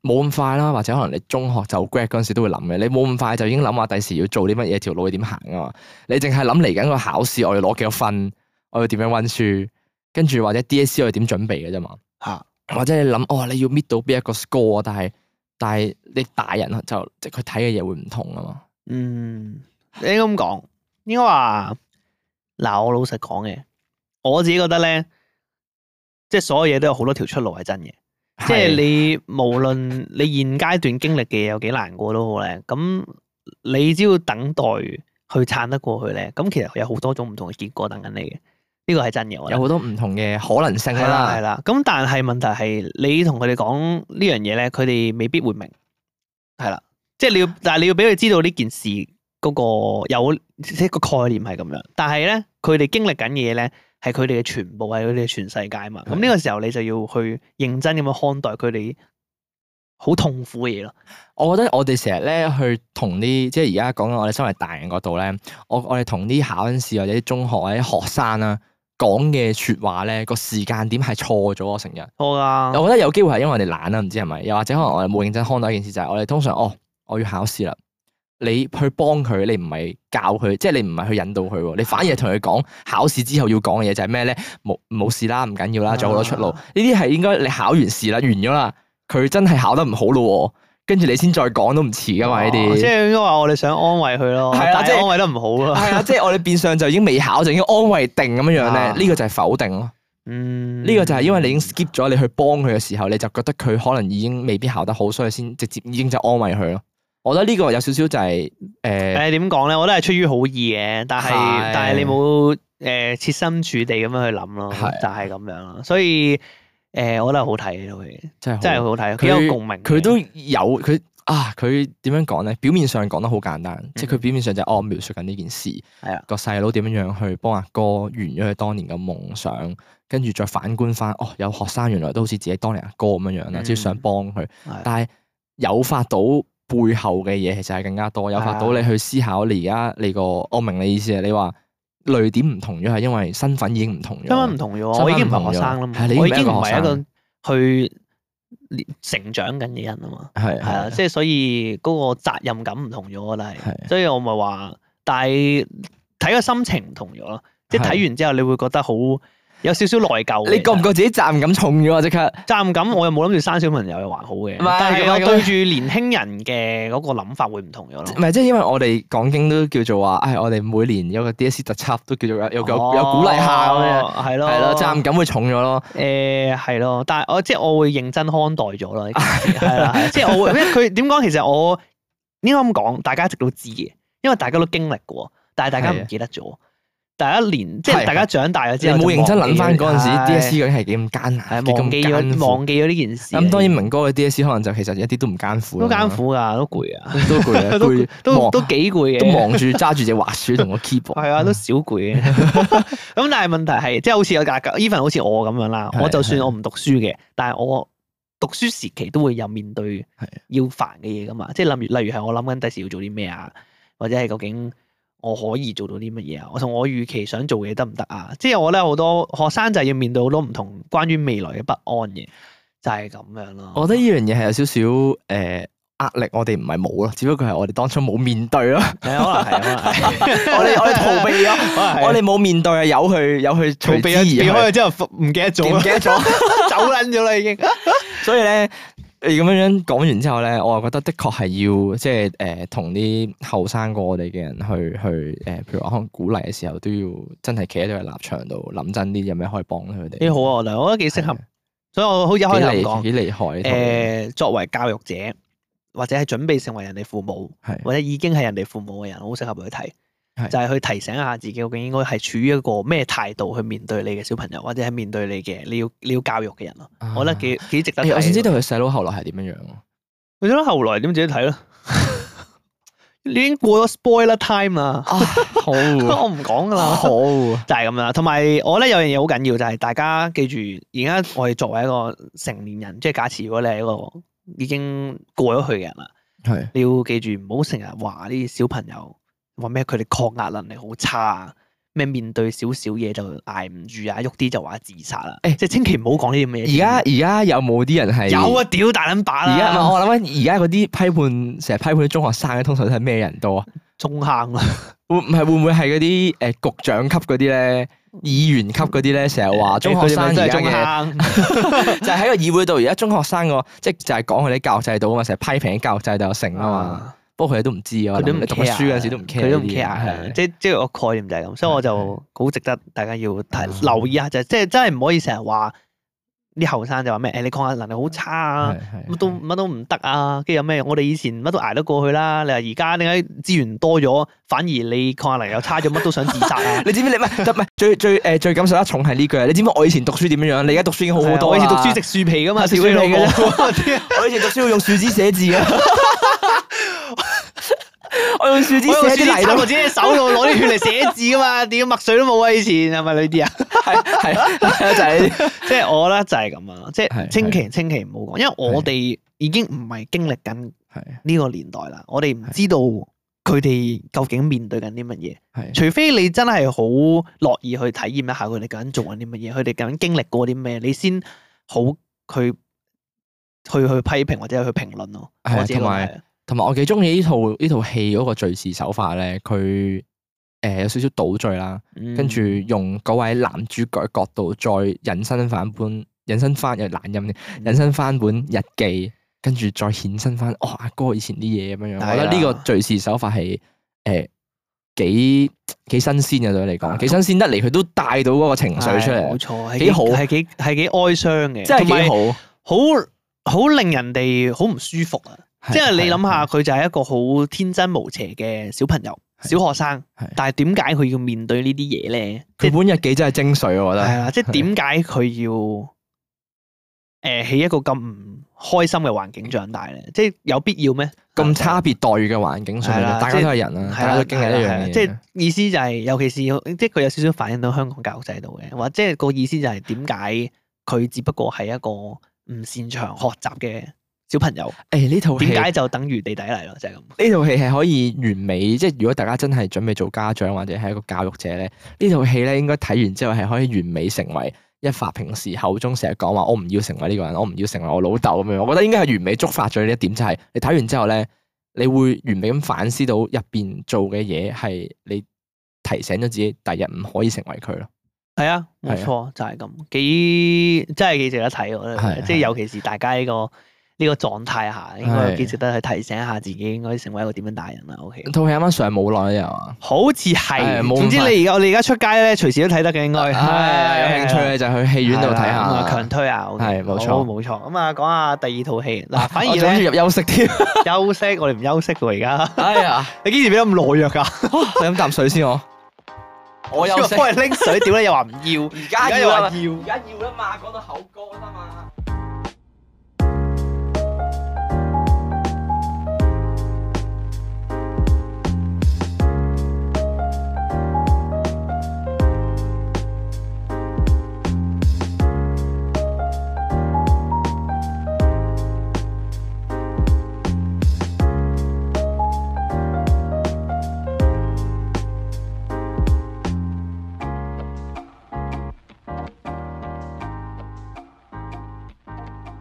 冇咁快啦，或者可能你中學就 grad 嗰陣時都會諗嘅，你冇咁快就已經諗話第時要做啲乜嘢，條路會點行啊嘛？你淨係諗嚟緊個考試，我哋攞幾多分，我要點樣溫書，跟住或者 DSE 我哋點準備嘅啫嘛吓？啊、或者你諗哦，你要 meet 到邊一個 score，但係但係你大人就即佢睇嘅嘢會唔同啊嘛？嗯，你咁講 [laughs] 應該話。嗱，我老實講嘅，我自己覺得咧，即係所有嘢都有好多條出路係真嘅，是的 即係你無論你現階段經歷嘅嘢有幾難過都好咧，咁你只要等待去撐得過去咧，咁其實有好多種唔同嘅結果等緊你嘅，呢個係真嘅。有好多唔同嘅可能性啦，啊，係啦，係啦。咁但係問題係，你同佢哋講呢樣嘢咧，佢哋未必會明，係啦。即係你要， [laughs] 但係你要俾佢知道呢件事。嗰個有一個概念係咁樣，但係咧，佢哋經歷緊嘅嘢咧，係佢哋嘅全部，係佢哋嘅全世界嘛。咁呢的個時候，你就要去認真咁樣看待佢哋好痛苦嘅嘢咯。我覺得我哋成日咧去同啲，即係而家講緊我哋身為大人嗰度咧，我我哋同啲考試或者啲中學或者啲學生啊講嘅說話咧，個時間點係錯咗成日。錯噶的，我覺得有機會係因為我哋懶啦，唔知係咪？又或者可能我哋冇認真看待一件事，就係、是、我哋通常哦，我要考試啦。你去幫佢，你唔係教佢，即係你唔係去引導佢，你反而係同佢講考試之後要講嘅嘢就係咩咧？冇冇事啦，唔緊要啦，仲有好多出路。呢啲係應該你考完試啦，完咗啦，佢真係考得唔好咯，跟住你先再講都唔遲噶嘛？呢啲、啊、些即係應該話我哋想安慰佢咯，即係、啊、安慰得唔好咯、啊，即係我哋變相就已經未考就已經安慰定咁樣樣咧。呢、啊、個就係否定咯。嗯，呢個就係因為你已經 skip 咗，你去幫佢嘅時候，你就覺得佢可能已經未必考得好，所以先直接已經就安慰佢咯。我覺得呢個有少少就係誒誒點講咧？我覺得係出於好意嘅，但係但係你冇誒設身處地咁樣去諗咯，就係咁樣咯。所以誒，我覺得好睇，都係真係真係好睇，佢有共鳴。佢都有佢啊！佢點樣講咧？表面上講得好簡單，嗯、即係佢表面上就係哦、我描述緊呢件事，係啊、嗯、個細佬點樣樣去幫阿哥完咗佢當年嘅夢想，跟住再反觀翻哦，有學生原來都好似自己當年阿哥咁樣樣啦，即係、嗯、想幫佢，但係誘發到。背後嘅嘢其實係更加多，有法到你去思考。你而家你個，我明你意思啊。你話淚點唔同咗，係因為身份已經唔同咗。身份唔同咗，同我已經唔係學生啦嘛。你已我已經唔係一個去成長緊嘅人啊嘛。係係啊，即係所以嗰個責任感唔同咗我啦，係。的所以我咪話，但係睇個心情唔同咗咯。的即係睇完之後，你會覺得好。有少少內疚，你覺唔覺自己責任感重咗啊？即刻責任感，我又冇諗住生小朋友又還好嘅，但係我對住年輕人嘅嗰個諗法會唔同咗咯。唔係即係因為我哋講經都叫做話，唉，我哋每年有個 DSE 特輯都叫做有有有鼓勵下咁樣，係咯係咯，責任感會重咗咯。誒係咯，但係我即係我會認真看待咗咯，係啦，即係我會咩？佢點講？其實我應該咁講，大家一直都知嘅，因為大家都經歷過，但係大家唔記得咗。第一年即係大家長大咗之後，冇認真諗翻嗰陣時，D.S.C. 究竟係幾咁艱難，忘記咗，忘記咗呢件事。咁當然，明哥嘅 D.S.C. 可能就其實一啲都唔艱苦。都艱苦噶，都攰啊，都攰，攰都都幾攰嘅。都望住揸住隻滑鼠同個 keyboard。係啊，都少攰嘅。咁但係問題係，即係好似有格，Even 好似我咁樣啦。我就算我唔讀書嘅，但係我讀書時期都會有面對要煩嘅嘢噶嘛。即係例如，例如係我諗緊第時要做啲咩啊，或者係究竟。我可以做到啲乜嘢啊？我同我預期想做嘅嘢得唔得啊？即係我咧好多學生就係要面對好多唔同關於未來嘅不安嘅，就係、是、咁樣咯。我覺得呢樣嘢係有少少誒壓力，我哋唔係冇咯，只不過係我哋當初冇面對咯。係啊， [laughs] 可能係，可能係，我哋 [laughs] 我哋逃避咯， [laughs] 可能係，我哋冇面對啊，由去由去逃避啊，是避開咗之後唔記得咗，唔記得咗，走撚咗啦已經。所以咧。誒，咁樣樣講完之後咧，我又覺得的確係要即係誒，同啲後生過我哋嘅人去去誒、呃，譬如話可能鼓勵嘅時候，都要真係企喺度嘅立場度諗真啲，有咩可以幫佢哋、欸。好啊，我覺得幾適合，的所以我好似一開頭講幾厲害。誒、呃，作為教育者或者係準備成為人哋父母，的或者已經係人哋父母嘅人，好適合去睇。就係去提醒下自己，究竟應該係處於一個咩態度去面對你嘅小朋友，或者係面對你嘅你要你要教育嘅人咯。啊，我覺得幾幾值得、欸。我先知道佢細佬後來係點樣樣咯。佢細佬後來點自己睇咯。 [laughs] 你已經過咗 spoiler time 啦，啊。好， [laughs] 我唔講噶啦。好， [laughs] 就係咁啦。同埋我咧有樣嘢好緊要，就係、是、大家記住，而家我哋作為一個成年人，即、就、係、是、假設如果你係一個已經過咗去嘅人啦，係是，你要記住唔好成日話啲小朋友。話咩？佢哋抗壓能力好差啊！咩面對少少嘢就挨唔住啊，喐啲就話自殺啦、啊。誒、欸，即係千祈唔好講呢啲咁嘅嘢。而家而家有冇啲人係有啊？屌大捻把啦！而家我諗翻，而家嗰啲批判成日批判啲中學生咧，通常都係咩人多？中坑啊會！會唔係會唔會係嗰啲誒局長級嗰啲咧、議員級嗰啲咧，成日話中學生而、欸、中坑。 [laughs] 就喺個議會度，而家中學生個即係就係講佢哋教育制度啊嘛，成日批評啲教育制度有成啊嘛。嗯不過佢哋都唔知啊，佢都唔讀乜書，有時都唔 care。佢都唔 care，即即係個概念就係咁，所以我就好值得大家要是的 留意下，就係、是、即係真係唔可以成日話啲後生就話咩？誒、哎，你抗壓能力好差啊，乜是的 都乜是的 都唔得啊，跟住有咩？我哋以前乜都捱得過去啦。你話而家點解資源多咗，反而你抗壓能力又差咗，乜都想自殺啊？ [laughs] 你知唔知？你唔係最最誒最感受得重係呢句？你知唔知我以前讀書點樣樣？你而家讀書已經好好多。我以前讀書食樹皮噶嘛，食樹皮嘅 [laughs] [laughs] 我以前讀書要用樹枝寫字嘅。 [laughs] 我用樹枝寫字，我用樹枝喺手度攞啲血嚟寫字噶嘛？點墨水都冇威，以前係咪你啲啊？係係就係，即係我咧就係咁啊！即、就、係、是、清奇是是清奇唔好講，因為我哋已經唔係經歷緊呢個年代啦。是是我哋唔知道佢哋究竟面對緊啲乜嘢，是是除非你真係好樂意去體驗一下佢哋究竟做緊啲乜嘢，佢哋究竟經歷過啲咩，你先好去去去批評或者去評論咯。係同埋同埋我幾中意呢套呢套戲嗰個敘事手法咧，佢誒、呃、有少少倒敘啦，跟住、嗯、用嗰位男主角角度再引申翻本，引申翻又懶音嘅，引申翻本日記，跟住再衍生翻，哇阿哥，哥以前啲嘢咁樣樣，了我覺得呢個敘事手法係誒、呃、幾幾新鮮嘅，對你嚟講，幾新鮮得嚟，佢都帶到嗰個情緒出嚟，冇錯、哎，係幾好，係幾係幾哀傷嘅，真係幾好，好好令人哋好唔舒服啊！即係你諗下，佢就係一個好天真無邪嘅小朋友、小學生，但係點解佢要面對呢啲嘢咧？佢本日記真係精髓，我覺得係啦。即係點解佢要誒喺、呃、一個咁唔開心嘅環境長大咧？即係有必要咩？咁差別待遇嘅環境上，大家都係人啊，大家都經歷一樣嘢，即係意思就係、是，尤其是，尤其是即係佢有少少反映到香港教育制度嘅，或者即係個意思就係點解佢只不過係一個唔擅長學習嘅。小朋友，誒呢套點解就等於地底泥咯，就係、是、咁。呢套戲係可以完美，即係如果大家真係準備做家長或者係一個教育者咧，呢套戲咧應該睇完之後係可以完美成為一發平時口中成日講話我唔要成為呢個人，我唔要成為我老豆咁樣。我覺得應該係完美觸發咗呢一點，就是，就係你睇完之後咧，你會完美咁反思到入邊做嘅嘢係你提醒咗自己第日唔可以成為佢咯。係啊，冇錯，啊、就係咁，幾真係幾值得睇喎。即係的的尤其是大家呢、這個。呢個狀態下應該幾值得去提醒下自己，應該成為一個點樣大人啦。OK。套戲啱啱上冇耐又好似係。總之你而家我哋而家出街咧，隨時都睇得嘅應該。係。有興趣咧就去戲院度睇下。強推啊！冇錯冇錯。咁啊，講下第二套戲嗱，反而咧。諗住入休息添，休息我哋唔休息喎，而家。哎呀！你幾時變咗咁懦弱㗎？你飲啖水先我。我又幫你拎水，點解又話唔要？而家又話要，而家要啦嘛，講到口乾啦嘛。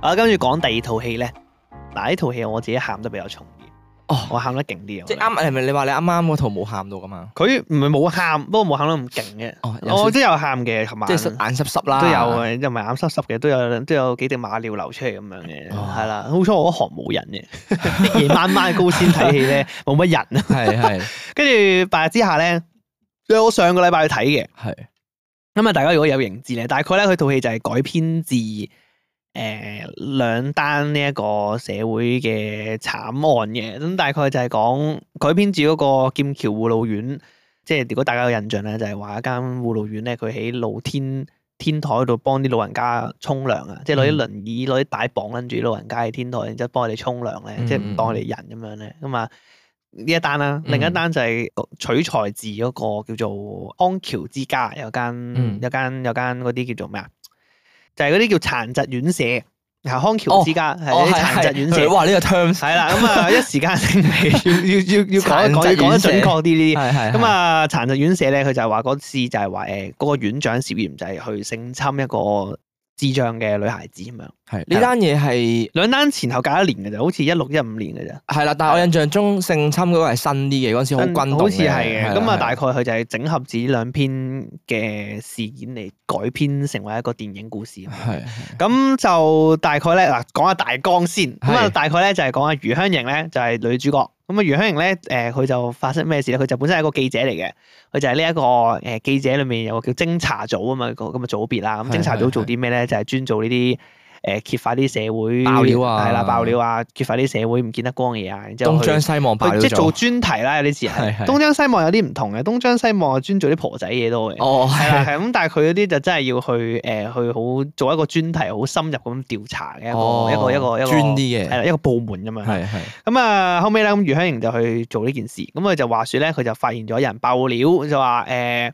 啊，跟住講第二套戲咧，嗱呢套戲我自己喊得比較重啲，哦，我喊得勁啲啊，即係啱，係咪你話你啱啱嗰套冇喊到噶嘛？佢唔係冇喊，不過冇喊得咁勁嘅，我都有喊嘅，係嘛，即係眼濕濕啦，都有，又唔係眼濕濕嘅，都有都有幾滴馬尿流出嚟咁樣嘅，係啦，好彩我一行冇人嘅，夜晚晚高先睇戲咧，冇乜人啊，係係，跟住白日之下咧，我上個禮拜去睇嘅，係，咁啊，大家如果有認知咧，大概咧佢套戲就係改編自。誒兩單呢一個社會嘅慘案嘅，咁大概就係講改編自嗰個劍橋護老院，即係如果大家有印象咧，就係、是、話一間護老院咧，佢喺露天天台度幫啲老人家沖涼啊，嗯、即係攞啲輪椅攞啲帶綁，跟住啲老人家喺天台，然之後幫佢哋沖涼咧，嗯、即係唔當佢哋人咁樣咧，咁啊呢一單啦，另一單就係取材自嗰個叫做安橋之家，有間、嗯、有間有間嗰啲叫做咩啊？就係嗰啲叫殘疾院舍，然後康橋之家係啲殘疾院舍。哇、哦！呢、呢個 terms 係啦，咁啊 [laughs] 一時間性別要要要要講一講一講得準確啲呢啲。咁啊殘疾院舍咧，佢就係話嗰次就係話誒嗰個院長涉嫌就係去性侵一個智障嘅女孩子咁樣。係呢單嘢係兩單前後隔一年嘅啫，好似一六一五年嘅啫。係啦，但係我印象中性侵嗰個係新啲嘅，嗰陣時好轟動嘅。好似係嘅，咁啊大概佢就係整合住兩篇嘅事件嚟改編成為一個電影故事。咁就大概咧嗱講下大綱先。咁啊大概咧就係講下余香凝咧就係女主角。咁啊余香凝咧誒佢就發生咩事咧？佢就本身係一個記者嚟嘅，佢就係呢一個誒記者裏面有個叫偵查組啊嘛，個咁嘅組別啦。咁偵查組做啲咩咧？就係專做呢啲。誒揭發啲社會爆料啊，係啦，爆料啊，揭發啲社會唔見得光嘅嘢啊，然之後東張西望，即係做專題啦，有啲事，係係，東張西望有啲唔同嘅，東張西望專做啲婆仔嘢都會，係啦、哦，係咁，但係佢嗰啲就真係要去誒去好做一個專題，好深入咁調查嘅一個、哦、一個一個一個專啲嘅，係啦，一個部門咁啊，係係咁啊，後尾咧咁余香瑩就去做呢件事，咁佢就話説咧，佢就發現咗有人爆料，就話誒。呃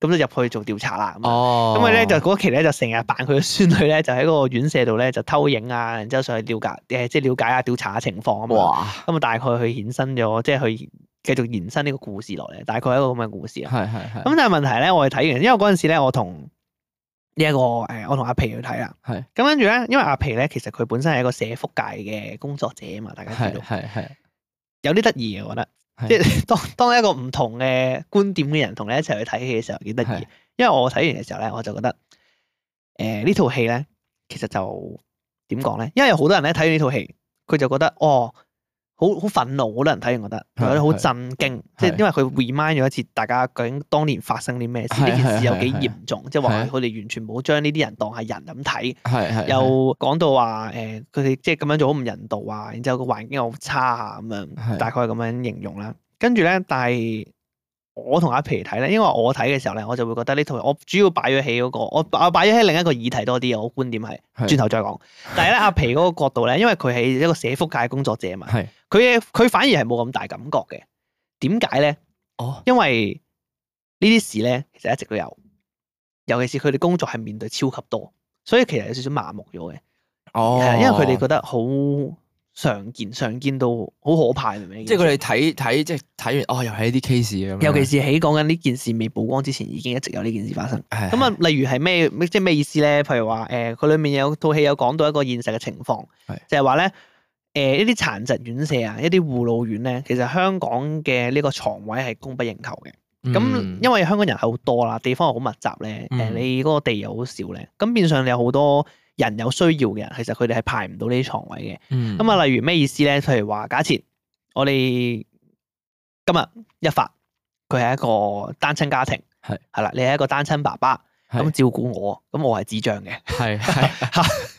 咁就入去做調查啦，咁咁佢咧就嗰期咧就成日扮佢嘅孫女咧，就喺嗰個院舍度咧就偷影啊，然之後上去瞭解，誒，即係了解下調查下情況啊嘛，咁啊、oh. 大概去衍生咗，即係去繼續延伸呢個故事落嚟，大概係一個咁嘅故事啊。係係係。咁但係問題咧，我哋睇完，因為嗰陣時咧、呢個，我同呢一個誒，我同阿皮去睇啦。係是。咁跟住咧，因為阿皮咧，其實佢本身係一個社福界嘅工作者啊嘛，大家知道係係是有啲得意嘅，我覺得。即係當當一個唔同嘅觀點嘅人同你一齊去睇戲嘅時候，幾得意。因為我睇完嘅時候咧，我就覺得，誒、呃、呢套戲咧，其實就點講咧？因為有好多人咧睇完呢套戲，佢就覺得，哦。好好憤怒，好多人睇完覺得有啲好震驚，即係因為佢 remind 咗一次大家究竟當年發生啲咩事，呢件事有幾嚴重，即係話佢哋完全冇將呢啲人當係人咁睇，又講到話誒，佢哋即係咁樣做好唔人道啊，然之後個環境又好差啊，咁樣大概咁樣形容啦，跟住咧，但係。我同阿皮睇咧，因為我睇嘅時候咧，我就會覺得呢套我主要擺咗喺嗰個，我擺咗喺另一個議題多啲啊。我觀點係轉頭再講。但係咧 [laughs] 阿皮嗰個角度咧，因為佢係一個社福界工作者嘛，佢佢是反而係冇咁大感覺嘅。點解咧？哦，因為呢啲事咧，其實一直都有，尤其是佢哋工作係面對超級多，所以其實有少少麻木咗嘅。哦，係因為佢哋覺得好常見常見到好可怕，明唔明？即係佢哋睇睇，即係睇完，哦，又係一啲 case。尤其是喺講緊呢件事未曝光之前，已經一直有呢件事發生。咁啊，例如係咩？即係咩意思咧？譬如話，誒、呃，佢裡面有套戲有講到一個現實嘅情況，唉 就係話咧，誒、呃，一啲殘疾院舍啊，一啲護老院咧，其實香港嘅呢個床位係供不應求嘅。咁、嗯、因為香港人係好多啦，地方又好密集咧，誒、呃，你嗰個地又好少咧，咁、嗯、變相你有好多。人有需要嘅人，其實佢哋係排唔到呢啲床位嘅。咁啊、嗯，例如咩意思咧？譬如話，假設我哋今日一發，佢係一個單親家庭，係係啦，你係一個單親爸爸，咁是的 照顧我，咁我係智障嘅，係係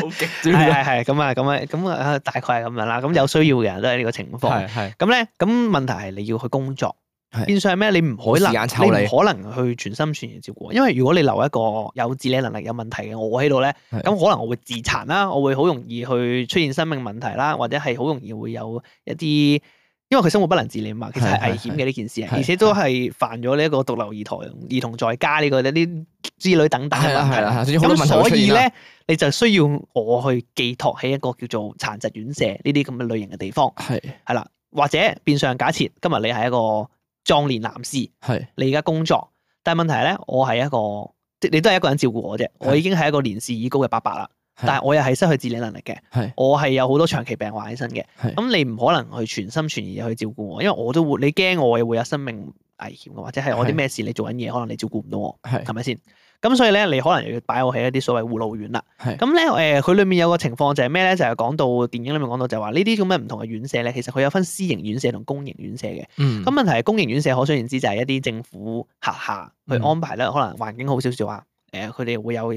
好極端啊！係係咁啊咁啊咁啊，大概係咁樣啦。咁有需要嘅人都係呢個情況，係係。咁咧，咁問題係你要去工作。變相咩？你唔可能，你唔可能去全心全意照顧，因為如果你留一個有自理能力有問題嘅我喺度咧，咁的可能我會自殘啦，我會好容易去出現生命問題啦，或者係好容易會有一啲，因為佢生活不能自理嘛，其實係危險嘅呢件事啊，的的而且都係犯咗呢一個獨留兒童兒童在家呢個啲子女等等嘅問題。咁所以咧，你就需要我去寄託喺一個叫做殘疾院舍呢啲咁嘅類型嘅地方，係係啦，或者變相假設今日你係一個。壯年男士，係你而家工作，但係問題係咧，我係一個，即你都係一個人照顧我啫。是我已經係一個年事已高嘅伯伯啦，是但係我又係失去自理能力嘅，是我係有好多長期病患喺身嘅。咁是你唔可能去全心全意去照顧我，因為我都會你驚我會有生命危險嘅，或者係我啲咩事，你做緊嘢，可能你照顧唔到我，係係咪先？是咁所以咧，你可能又要擺我喺一啲所謂護老院啦。咁咧是，誒、嗯，佢、嗯、裏面有個情況就係咩咧？就係、是、講到電影裏面講到就係話呢啲咁嘅唔同嘅院舍咧，其實佢有分私營院舍同公營院舍嘅。咁、嗯、問題係公營院舍，可想而知，就係一啲政府下下去安排咧，可能環境好少少啊。誒、嗯，佢哋會有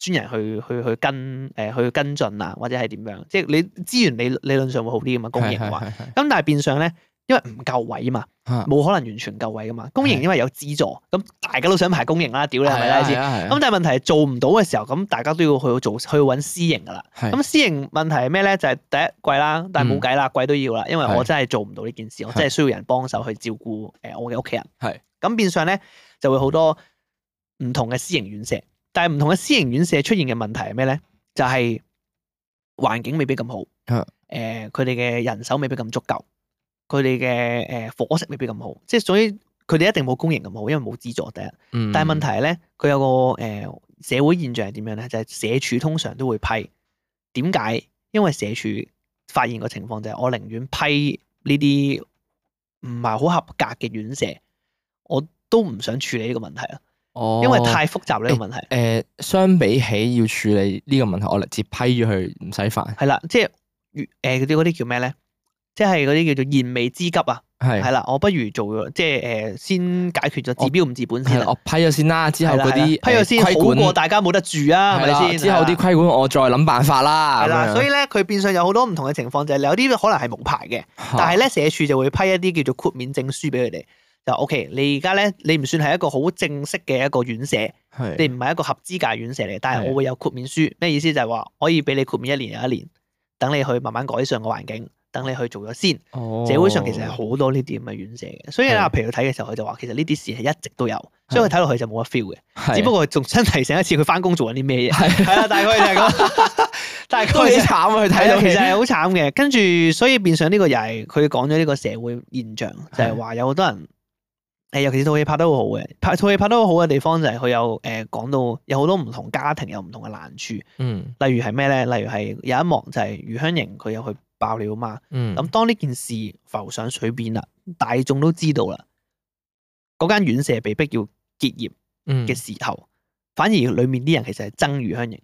專人去去去跟誒、呃、去跟進啊，或者係點樣？即係你資源理理論上會好啲咁啊，公營嘅話。咁但係變相咧。因為唔夠位啊嘛，冇可能完全夠位噶嘛。公營因為有資助，咁是的 大家都想排公營啦，屌你係咪啦先。咁但係問題係做唔到嘅時候，咁大家都要去做去揾私營噶啦。咁是的 私營問題係咩咧？就係、是、第一貴啦，但係冇計啦，貴、嗯、都要啦。因為我真係做唔到呢件事，是的 我真係需要人幫手去照顧誒我嘅屋企人。係咁是的 變相咧就會好多唔同嘅私營院舍，但係唔同嘅私營院舍出現嘅問題係咩咧？就係、是、環境未必咁好，誒佢哋嘅人手未必咁足夠。佢哋嘅誒伙食未必咁好，即係所以佢哋一定冇公營咁好，因為冇資助第一。嗯，但係問題咧，佢有個誒、呃、社會現象係點樣咧？就係、是、社署通常都會批，點解？因為社署發現個情況就係，我寧願批呢啲唔係好合格嘅院舍，我都唔想處理呢個問題啊。哦，因為太複雜呢個問題。誒、哦欸呃，相比起要處理呢個問題，我直接批咗佢唔使煩。係啦，即係誒嗰啲嗰啲叫咩咧？即係嗰啲叫做燃眉之急啊！係係啦，我不如做即係誒，先解決咗治標唔治本先啦。我批咗先啦，之後嗰啲批咗先好過大家冇得住啊，係咪先？之後啲規管我再諗辦法啦。係啦，所以咧，佢變相有好多唔同嘅情況，就係有啲可能係無牌嘅，但係咧，社署就會批一啲叫做豁免證書俾佢哋。就 O K，你而家咧，你唔算係一個好正式嘅一個院舍，你唔係一個合資格院舍嚟，但係我會有豁免書，咩意思就係話可以俾你豁免一年又一年，等你去慢慢改善個環境。等你去做咗先，社會上其實係好多呢啲咁嘅院舍嘅，所以啊，皮佢睇嘅時候，佢就話其實呢啲事係一直都有，所以佢睇落去就冇乜 feel 嘅，只不過仲真提醒一次佢返工做緊啲咩嘢，係啊，大概就係咁。大概好慘啊，佢睇到，其實係好慘嘅。跟住所以變相呢個又係佢講咗呢個社會現象，就係話有好多人，誒，尤其是套戲拍得好好嘅，拍套戲拍得好好嘅地方就係佢有誒講到有好多唔同家庭有唔同嘅難處，嗯，例如係咩咧？例如係有一幕就係余香凝佢有去。爆料嘛？咁、嗯、當呢件事浮上水面啦，大眾都知道啦，嗰間院舍被逼要結業嘅時候，嗯、反而裏面啲人其實係爭譽相迎，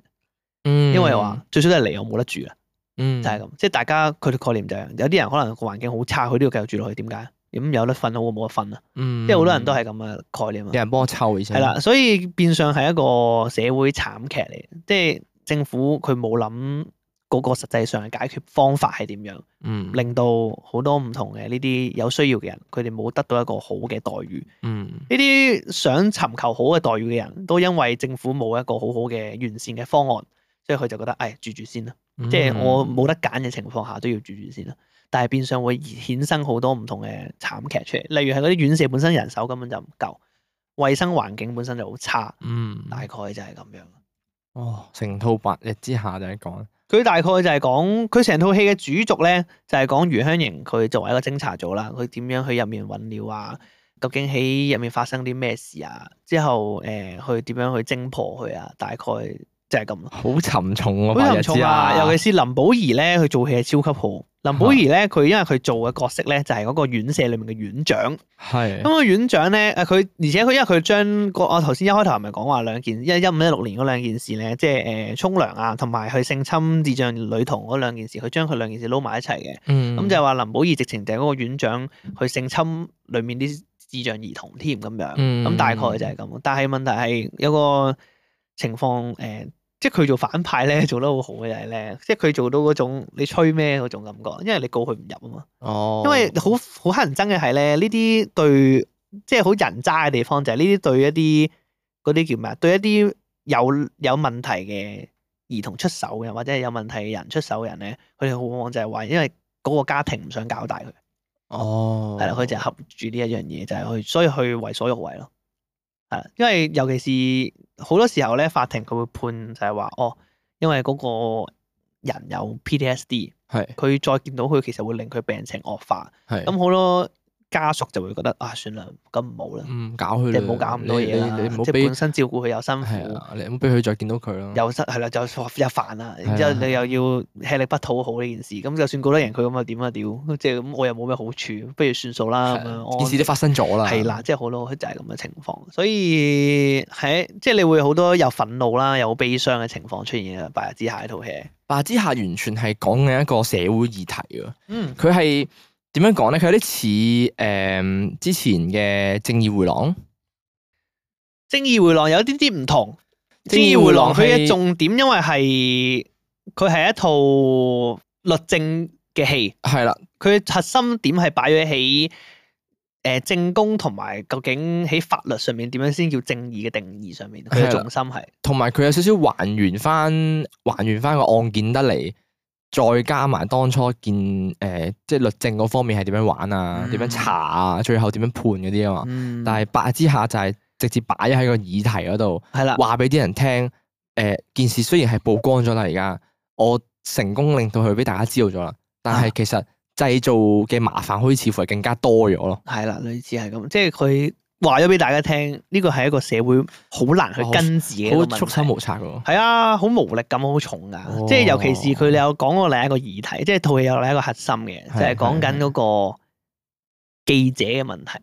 嗯、因為話最少都係嚟我冇得住啦，嗯、就係咁，即係大家佢嘅概念就係、是、有啲人可能個環境好差，佢都要繼續住落去，點解？咁有得瞓好過冇得瞓啊，即、嗯、為好多人都係咁嘅概念有人幫我抽嘅啫。係啦、嗯，所以變相係一個社會慘劇嚟，即、就、係、是、政府佢冇諗。嗰個實際上嘅解決方法係點樣？嗯，令到好多唔同嘅呢啲有需要嘅人，佢哋冇得到一個好嘅待遇。嗯，呢啲想尋求好嘅待遇嘅人都因為政府冇一個好好嘅完善嘅方案，所以佢就覺得唉、哎，住住先啦。嗯、即係我冇得揀嘅情況下都要住住先啦。但係變相會衍生好多唔同嘅慘劇出嚟，例如係嗰啲院舍本身人手根本就唔夠，衞生環境本身就好差。嗯，大概就係咁樣。哦、呃，成套白日之下就係講。佢大概就係講佢成套戲嘅主軸咧，就係、是、講余香凝佢作為一個偵查組啦，佢點樣去入面揾料啊？究竟喺入面發生啲咩事啊？之後誒，去、呃、點樣去偵破佢啊？大概。就係咁，好沉重喎。好沉重啊！尤其是林保怡咧，佢做戲係超級好。林保怡咧，佢因為佢做嘅角色咧，就係嗰個院舍裏面嘅院長。係、 [laughs] 嗯。咁個院長咧，誒佢而且佢因為佢將個我頭先一開頭係咪講話兩件，一一五一六年嗰兩件事咧，即係誒沖涼啊，同埋佢性侵智障女童嗰兩件事，佢將佢兩件事撈埋一齊嘅。咁、嗯、就話林保怡直情就係嗰個院長去性侵裏面啲智障兒童添咁樣。嗯。咁大概就係咁，但係問題係有個情況誒。呃即係佢做反派咧，做得好好嘅就係咧，即係佢做到嗰種你吹咩嗰種感覺，因為你告佢唔入啊嘛。哦，因為好好乞人憎嘅係咧，呢啲對即係好人渣嘅地方就係呢啲對一啲嗰啲叫咩啊？對一啲有有問題嘅兒童出手嘅，或者係有問題嘅人出手嘅人咧，佢哋往往就係話，因為嗰個家庭唔想搞大佢。哦，係啦，佢就係合住呢一樣嘢，就係去，所以去為所欲為咯。因為尤其是好多時候咧，法庭佢會判就係話，哦，因為嗰個人有 PTSD，係佢是再見到佢，其實會令佢病情惡化，咁好是多。家屬就會覺得啊，算啦，咁唔好啦，唔、嗯、搞佢，你唔好搞咁多嘢啦，你唔好即係本身照顧佢又辛苦，你唔好俾佢再見到佢咯，又失係啦，就又煩啦，煩的然之後你又要吃力不討好呢件事，咁就算告得贏佢咁又點啊屌，即係咁我又冇咩好處，不如算數啦的照件事都發生咗啦，係啦，即係好多就係咁嘅情況，所以喺即係你會好多有憤怒啦，又悲傷嘅情況出現啊！白日之下呢套戲，白日之下完全係講緊一個社會議題嘅，嗯，佢係。樣呢，點樣講咧？佢有啲似誒之前嘅正義回廊，正義回廊有啲啲唔同。正義回廊佢嘅重點，因為係佢係一套律政嘅戲，係啦了。佢核心點係擺咗喺誒正公同埋，究竟喺法律上面點樣先叫正義嘅定義上面，佢嘅重心係。同埋佢有少少還原翻，還原翻個案件得嚟。再加埋當初見誒、呃，即係律政嗰方面係點樣玩啊？點、嗯、樣查啊？最後點樣判嗰啲啊？嘛，嗯、但係白日之下就係直接擺喺個議題嗰度，係啦的，話俾啲人聽。誒、呃，件事雖然係曝光咗啦，而家我成功令到佢俾大家知道咗啦，但係其實製造嘅麻煩，好似似乎係更加多咗咯。係啦，類似係咁，即係佢。話咗俾大家聽，呢個係一個社會好難去根治嘅問題，束手無策噶，係、哦、啊，好無力感，好重噶。即係、哦、尤其是佢，哋有講過另一個議題，哦、即係套戲有另一個核心嘅，就係講緊嗰個記者嘅問題。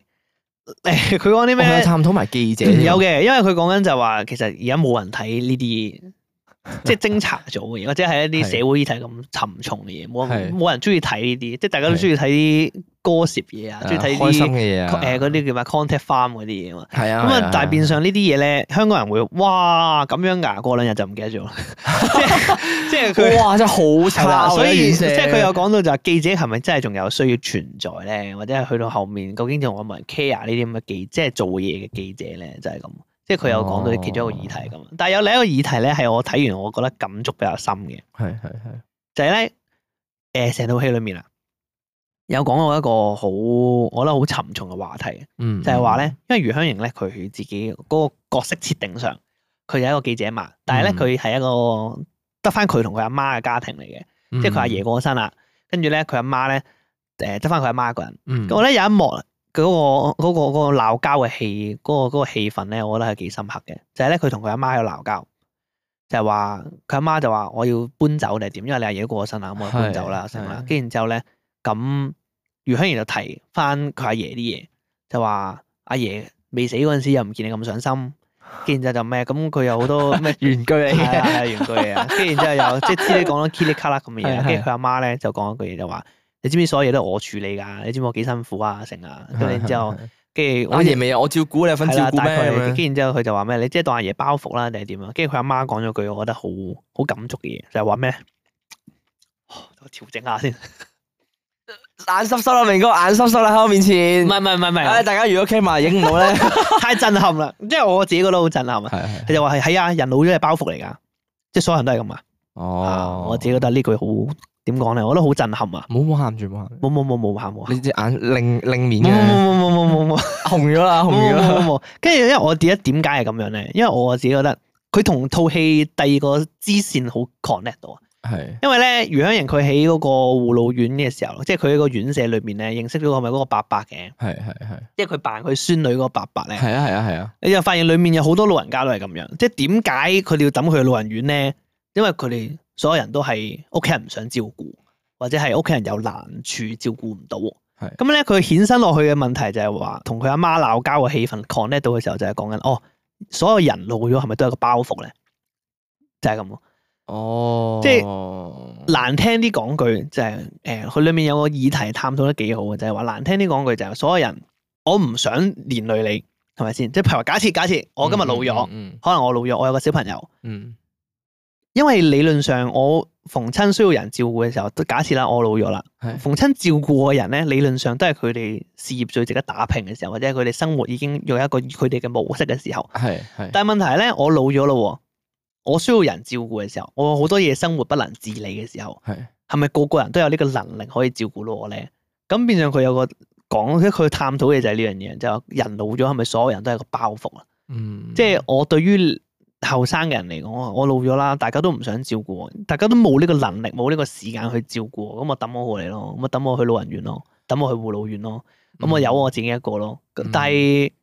佢講啲咩？ [laughs] 探討埋記者 [laughs] 有嘅，因為佢講緊就話，其實而家冇人睇呢啲，即係偵查組嘅嘢，或者係一啲社會議題咁沉重嘅嘢，冇冇人中意睇呢啲，即係大家都中意睇啲。歌攝嘢啊，中意睇啲誒嗰啲叫咩 content farm 嗰啲嘢啊嘛，咁啊！但係變相呢啲嘢咧，香港人會哇咁樣㗎，過兩日就唔記得咗。 [laughs] [laughs] 即係佢係哇，真係好慘！ [laughs] 所以，所以即係佢有講到就係記者係咪真係仲有需要存在咧？或者係去到後面，究竟仲有冇人 care、就是、呢啲咁嘅記，即係做嘢嘅記者咧？就係咁。即係佢有講到其中一個議題咁。哦、但係有另一個議題咧，係我睇完我覺得感觸比較深嘅，係係係，就係咧誒成套戲裡面啊。有講過一個好，我覺得好沉重嘅話題，嗯，就係話咧，因為余香凝咧佢自己嗰個角色設定上，佢就係一個記者嘛，但係咧佢係一個得翻佢同佢阿媽嘅家庭嚟嘅，即係佢阿爺過咗身啦，跟住咧佢阿媽咧，誒得翻佢阿媽一個人，咁我咧有一幕，佢個嗰個嗰個鬧交嘅戲，嗰個嗰個氣氛咧，我覺得係幾深刻嘅，就係咧佢同佢阿媽有鬧交，就係話佢阿媽就話我要搬走定係點，因為你阿爺過咗身啦，咁我搬走啦，係咪？跟住然之後咧，咁余香怡就提翻佢阿爺啲嘢，就話阿爺未死嗰陣時又唔見你咁上心，跟住就就咩咁佢有好多咩原句嚟嘅， [laughs] 原句嚟嘅，跟住之後又，即係知你講到噼里卡啦咁嘅嘢，跟住佢阿媽咧就講一句嘢就話，你知唔知所有嘢都係我處理噶，你知唔知我幾辛苦啊成啊，跟住之後，阿爺未啊爺，我照顧你分，跟住之後佢就話咩，你即係當阿爺包袱啦定係點啊？跟住佢阿媽講咗句我覺得好好感觸嘅嘢，就係話咩咧，調整一下先。 [laughs] 眼濕濕啦，明哥，眼濕濕啦喺我面前。唔係唔係唔係唔係。唉，大家如果企埋影唔好咧，太震撼啦。因為我自己覺得好震撼啊。佢就話係，係啊，人老咗係包袱嚟噶，即係所有人都係咁啊。哦，我自己覺得呢句好點講咧，我都好震撼啊。冇冇喊住，冇喊，冇冇冇冇唔好喊。你隻眼令令面冇冇冇冇唔紅咗啦，紅咗啦。跟住因為我自己點解係咁樣咧？因為我自己覺得佢同套戲第二個支線好 connect 到啊。係，因為咧，余香凝佢喺嗰個護老院嘅時候，即係佢喺個院舍裏面咧，認識咗係咪嗰個伯伯嘅？係係係，即係佢扮佢孫女個伯伯咧。係啊係啊係啊，你就發現裏面有好多老人家都係咁樣，即係點解佢哋要抌佢去老人院咧？因為佢哋所有人都係屋企人唔想照顧，或者係屋企人有難處照顧唔到。係是是，咁咧佢衍生落去嘅問題就係話，同佢阿媽鬧交嘅氣氛 connect 到嘅時候就，就係講緊哦，所有人老咗係咪都係個包袱咧？就係、是、咁。哦，即係難聽啲講句，就係誒，佢、呃、裏面有個議題探討得幾好嘅，就係、是、話難聽啲講句就係、是、所有人，我唔想連累你，係咪先？即係譬如話假設假設，我今日老咗，嗯嗯嗯、可能我老咗，我有個小朋友，嗯，因為理論上我逢親需要人照顧嘅時候，假設啦，我老咗啦，是逢親照顧嘅人咧，理論上都係佢哋事業最值得打拼嘅時候，或者係佢哋生活已經有一個佢哋嘅模式嘅時候，係是是但係問題咧，我老咗咯。我需要人照顧嘅時候，我好多嘢生活不能自理嘅時候，係係咪個個人都有呢個能力可以照顧到我咧？咁變相，佢有個講，佢探討嘅就係呢樣嘢，就話、是、人老咗係咪所有人都係個包袱啊？嗯，即係我對於後生嘅人嚟講，我老咗啦，大家都唔想照顧我，大家都冇呢個能力，冇呢個時間去照顧我，咁我等我過嚟咯，咁啊等我去老人院咯，等我去護老院咯，咁我有我自己一個咯，嗯、但係。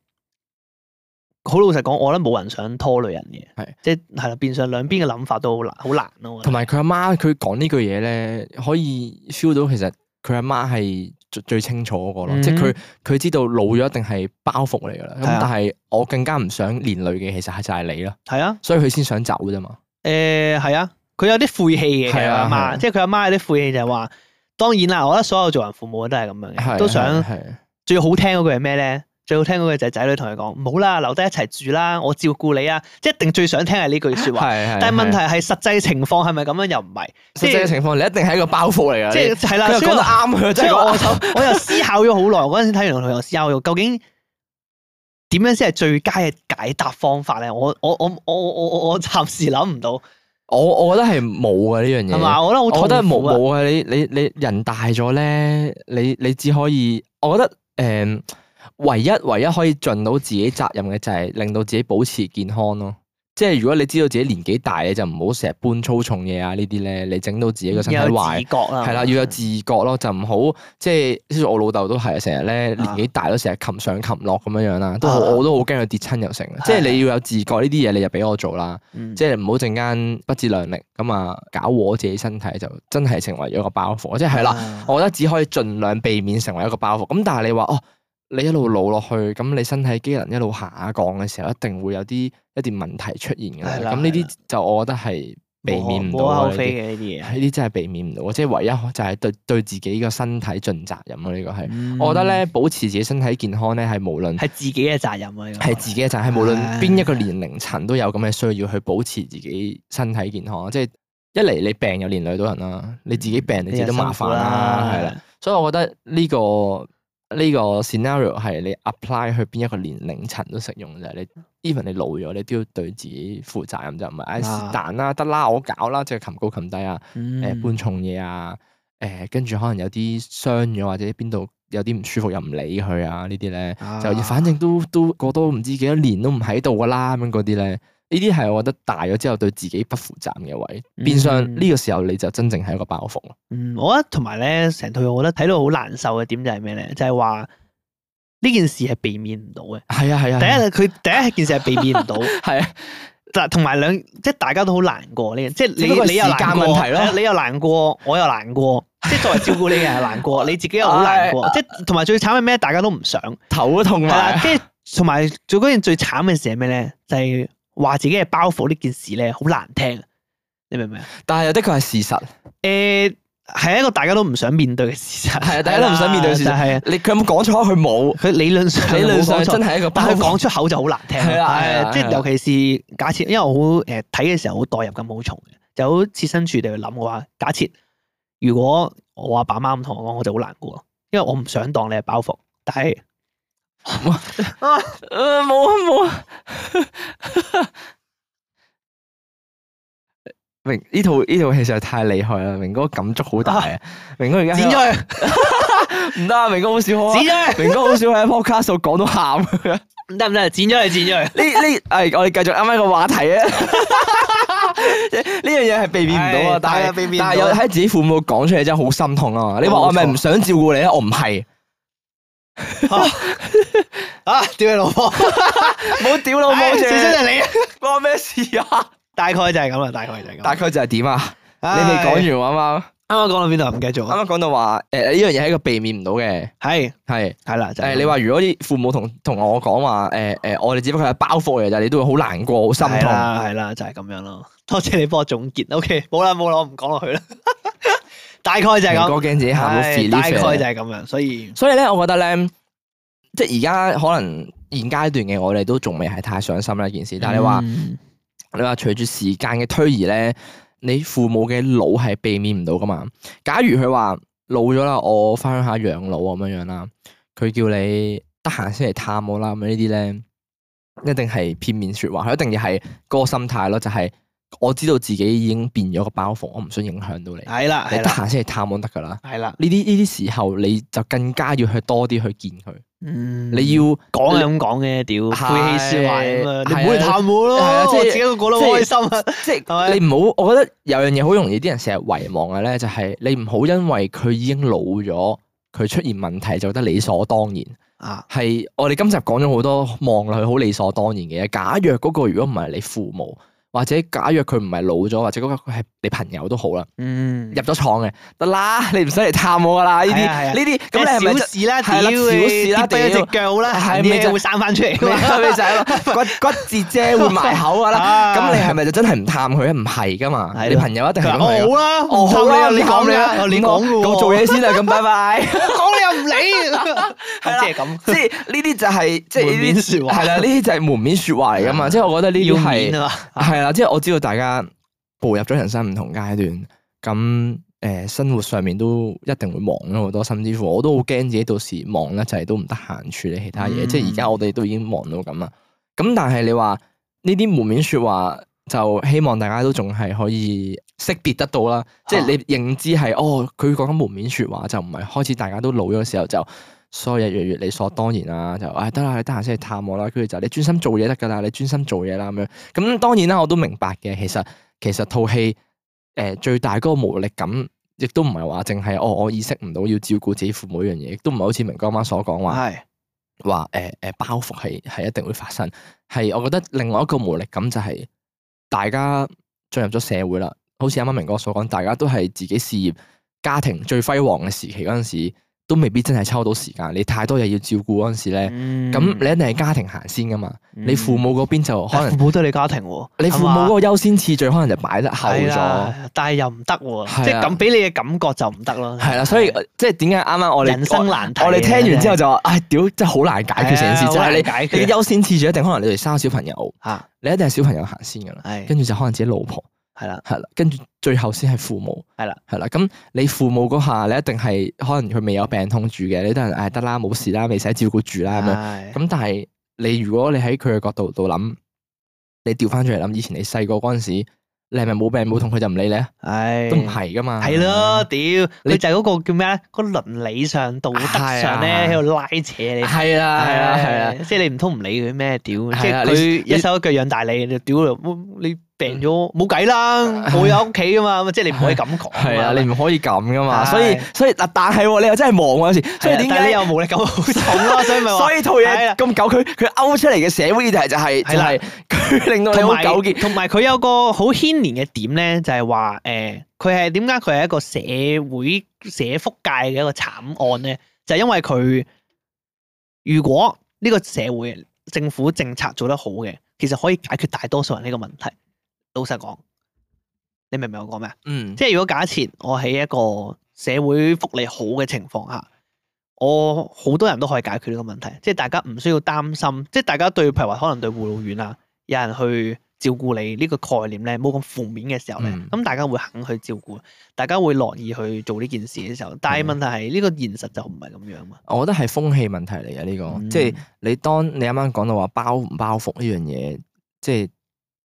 好老實講，我覺得冇人想拖累人嘅，係是即係啦，變相兩邊嘅諗法都好難，好難咯。同埋佢阿媽，佢講呢句嘢咧，可以 feel 到其實佢阿媽係最清楚嗰，那個咯，嗯、哼即係佢佢知道老咗一定係包袱嚟噶啦。咁、啊、但係我更加唔想連累嘅，其實係就係你咯。係啊，所以佢先想走啫嘛。誒、欸，係啊，佢有啲晦氣嘅，阿媽、啊啊，即係佢阿媽有啲晦氣就係話，當然啦，我覺得所有做人父母都係咁樣嘅，啊、都想、啊，係最好聽嗰句係咩咧？最好聽嗰句就係仔女同佢講，冇啦，留低一齊住啦，我照顧你啊！即一定最想聽係呢句說話，但係問題係實際情況係咪咁樣又唔係？實際情況你一定係一個包袱嚟噶，即係係啦。所以講得啱佢，即係我又思考咗好耐。我嗰陣時睇完佢又思考咗，究竟點樣先係最佳嘅解答方法咧？我我我我我我暫時諗唔到。我我覺得係冇噶呢樣嘢，係嘛？我覺得好我覺得冇冇啊！你你你人大咗咧，你你只可以我覺得誒。唯一唯一可以盡到自己責任嘅就係令到自己保持健康咯，即係如果你知道自己年紀大，你就唔好成日搬粗重嘢啊呢啲咧，你整到自己個身體壞，係啦，要，的要有自覺咯，就唔好即係好似我老豆都係成日咧，年紀大都成日擒上擒落咁樣樣啦，啊、都好，啊、我都好驚佢跌親又成，啊、即係你要有自覺呢啲嘢，你就俾我做啦，的嗯、即係唔好陣間不自量力咁啊，搞我自己身體就真係成為咗一個包袱，即係係啦，我覺得只可以盡量避免成為一個包袱，咁但係你話哦。你一路老落去，咁你身體機能一路下降嘅時候，一定會有啲一啲問題出現嘅。咁呢啲就、這個嗯、我覺得係避免唔到嘅呢啲嘢。呢啲真係避免唔到，即係唯一就係對對自己個身體盡責任咯。呢個係，我覺得咧，保持自己身體健康咧，係無論係自己嘅責任啊，係自己嘅責任，係是無論邊一個年齡層都有咁嘅需要去保持自己身體健康，嗯、即係一嚟你病又連累到人啦，你自己病你自己都麻煩啦，係啦，嗯。所以我覺得呢、這個。呢個 scenario 係你 apply 去邊一個年齡層都適用嘅，你 even 你老咗，你都要對自己負責任，就唔係，唉是但啦，得、哎、啦我搞啦，即係擒高擒低、嗯呃、啊，誒搬重嘢啊，誒跟住可能有啲傷咗或者邊度有啲唔舒服又唔理佢啊，呢啲咧、啊、就反正都都過多唔知幾多年都唔喺度噶啦咁嗰啲咧呢啲係我覺得大咗之後對自己不負責任嘅位，變相呢個時候你就真正係一個包袱咯。嗯，我覺得同埋咧成套，我覺得睇到好難受嘅點就係咩咧？就係話呢件事係避免唔到嘅。係啊係啊，第一佢第一件事係避免唔到，係啊。嗱，同埋兩即係大家都好難過呢，即係你你又難過，你又難過，我又難過，即係作為照顧你嘅人又難過，你自己又好難過，即係同埋最慘係咩？大家都唔想，頭都痛啊。跟住同埋做嗰件最慘嘅事係咩咧？就係。話自己嘅包袱呢件事咧，好難聽，你明唔明啊？但係又的確係事實，誒、欸，係一個大家都唔想面對嘅事實。係啊的，大家都唔想面對嘅事實。係啊是，有冇錯你？佢冇講錯？佢冇，佢理論上理論上真係一個包袱，但係佢講出口就好難聽。係即係尤其是假設，因為我好誒睇嘅時候好代入咁好重嘅，就好設身處地去諗嘅話，假設如果我阿爸阿媽咁同我講，我就好難過嘅，因為我唔想當你係包袱，但係。冇啊，冇、呃、啊，冇明，呢套呢套戲實在太厲害啦，明哥感觸好大啊，明哥而家剪咗去，唔得啊，明哥好少可，剪咗掉去，明哥好少喺 podcast 度講到喊，唔得唔得剪咗嚟，剪咗嚟，呢呢，誒、哎，我哋繼續啱啱個話題啊，呢樣嘢係避免唔到啊，哎、但係是但係有喺自己父母講出嚟真係好心痛啊！錯你話我咪唔想照顧你咧，我唔係。啊！屌你老母，冇屌你老母，最衰係你，關我咩事啊？大概就係咁啦，大概就係咁，大概就係點啊？你哋講完話啱啱啱啱講到邊度？唔繼續？啱啱講到話，誒，呢樣嘢係一個避免唔到嘅，係係係啦。誒，你話如果啲父母同同我講話，誒誒，我哋只不過係包袱嘅咋，你都會好難過、好心痛，係啦，係啦，就係咁樣咯。多謝你幫我總結。OK，冇啦冇啦，我唔講落去啦。大概就係咁， [music] 大概就係咁樣，所以所以咧，我覺得咧，即係而家可能現階段嘅我哋都仲未係太上心一件事。但係話，嗯、你話隨住時間嘅推移咧，你父母嘅老係避免唔到噶嘛？假如佢話老咗啦，我翻鄉下養老咁樣樣啦，佢叫你得閒先嚟探我啦，咁呢啲咧，一定係片面說話，係一定要係個心態咯，就係、是。我知道自己已經變咗個包袱，我唔想影響到你。係啦，你得閒先去探望得噶啦。係啦，呢啲呢啲時候你就更加要去多啲去見佢。嗯，你要講咁講嘅，屌，晦氣說話你唔好去探望咯，即係自己都覺得開心啊！即係你唔好，我覺得有樣嘢好容易啲人成日遺忘嘅咧，就係你唔好因為佢已經老咗，佢出現問題就得理所當然啊。係我哋今集講咗好多望落去好理所當然嘅嘢，假若嗰個如果唔係你父母。或者假若佢唔係老咗，或者嗰佢係你朋友都好啦。嗯，入咗廠嘅得啦，你唔使嚟探我噶啦。呢啲呢啲咁你係咪事啦？小事啦，跌咗隻腳好啦，啲嘢會生翻出嚟噶嘛？就係骨骨節啫，會埋口噶啦。咁你係咪就真係唔探佢？唔係噶嘛，你朋友一定係咁。我啦，我好你啊！你講嘅，我做嘢先啊！咁拜拜。講你又唔理，係即係咁，即係呢啲就係即係呢啲係啦，呢啲就係門面説話嚟噶嘛。即係我覺得呢啲係係啊。嗱，即係我知道大家步入咗人生唔同階段，咁誒、呃，生活上面都一定會忙咗好多，甚至乎我都好驚自己到時忙咧，就係都唔得閒處理其他嘢。嗯、即係而家我哋都已經忙到咁啦，咁但係你話呢啲門面説話，就希望大家都仲係可以識別得到啦。即係、啊、你認知係哦，佢講緊門面説話就唔係開始大家都老咗嘅時候就。所以越嚟越理所當然啦，就哎得啦，你得閒先去探我啦。跟住就你專心做嘢得㗎啦，你專心做嘢啦咁樣。咁當然啦，我都明白嘅。其實其實套戲誒，最大嗰個無力感，亦都唔係話淨係我我意識唔到要照顧自己父母樣嘢，亦都唔係好似明哥啱啱所講話話誒誒包袱係係一定會發生。係我覺得另外一個無力感就係、是、大家進入咗社會啦，好似啱啱明哥所講，大家都係自己事業家庭最輝煌嘅時期嗰陣時，都未必真係抽到時間，你太多嘢要照顧嗰陣時咧，咁你一定係家庭行先噶嘛？你父母嗰邊就可能父母都係你家庭，你父母嗰個優先次序可能就擺得後咗。但係又唔得喎，即係咁俾你嘅感覺就唔得咯。係啦，所以即係點解啱啱我哋人生難題我我哋聽完之後就話，唉，屌，真係好難解決成件事，就係你解決優先次序一定可能你哋生小朋友，你一定係小朋友行先噶啦，跟住就可能自己老婆。係啦，係啦，跟住最後先係父母，係啦，係啦。咁你父母嗰下，你一定係可能佢未有病痛住嘅，你都係誒得啦，冇事啦，未使照顧住啦咁樣。咁但係你如果你喺佢嘅角度度諗，你調翻出嚟諗，以前你細個嗰陣時，你係咪冇病冇痛，佢就唔理你啊？唉，都唔係噶嘛，係咯，屌，你就係嗰個叫咩咧？嗰個倫理上、道德上咧，喺度拉扯你，係啦，係啦，係啦，即係你唔通唔理佢咩？屌，即係佢一手一腳養大你，就屌你。病咗冇計啦，冇有屋企噶嘛，即係你唔可以咁講。係啊，你唔可以咁噶嘛，所以所以嗱，但係你又真係忙啊，有時。所以點解你又無力感咁重啊？所以咪話。所以套嘢咁久，佢佢勾出嚟嘅社會議題就係係佢令到有糾結。同埋佢有個好牽連嘅點咧，就係話誒，佢係點解佢係一個社會、社福界嘅一個慘案咧？就係因為佢如果呢個社會政府政策做得好嘅，其實可以解決大多數人呢個問題。老實講，你明唔明我講咩啊？嗯。即係如果假設我喺一個社會福利好嘅情況下，我好多人都可以解決呢個問題，即係大家唔需要擔心，即係大家對譬如話可能對護老院啊，有人去照顧你呢個概念咧冇咁負面嘅時候咧，咁、嗯、大家會肯去照顧，大家會樂意去做呢件事嘅時候，但係問題係呢個現實就唔係咁樣嘛、嗯。我覺得係風氣問題嚟嘅呢個，嗯、即係你當你啱啱講到話包唔包覆呢樣嘢，即係。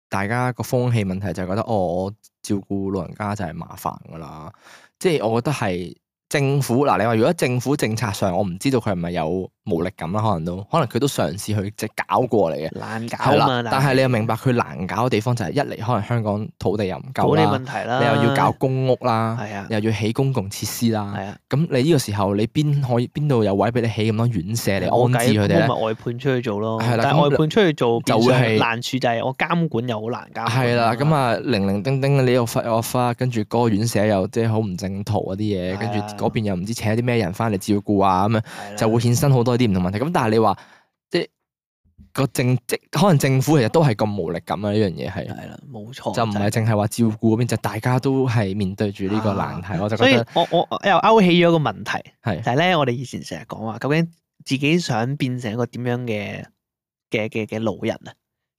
大家個風氣問題就係覺得哦，我照顧老人家就係麻煩噶啦，即係我覺得係。政府嗱，你話如果政府政策上，我唔知道佢係咪有無力感啦，可能都可能佢都嘗試去即係搞過嚟嘅，難搞。係啦，但係你又明白佢難搞嘅地方就係一嚟可能香港土地又唔夠啦，土地問題啦，你又要搞公屋啦，啊、又要起公共設施啦，咁、啊、你呢個時候你邊可以邊度有位俾你起咁多院舍嚟安置佢哋咧？冇、啊、外判出去做咯，啊、但外判出去做就會難處就係我監管又好難搞。管、啊。係啦，咁啊零零丁丁你又發又發，跟住個院舍又即係好唔正途嗰啲嘢，啊、跟住、那。個嗰邊、嗯、又唔知請一啲咩人翻嚟照顧啊，咁樣，的就會衍生好多啲唔同問題。咁但係你話，即係個政即可能政府其實都係咁無力感啊！呢樣嘢係，係啦，冇錯，就唔係淨係話照顧嗰邊，就係、大家都係面對住呢個難題。啊、我就覺得，我我又勾起咗一個問題，係的，但係咧。我哋以前成日講話，究竟自己想變成一個點樣嘅嘅嘅嘅老人啊？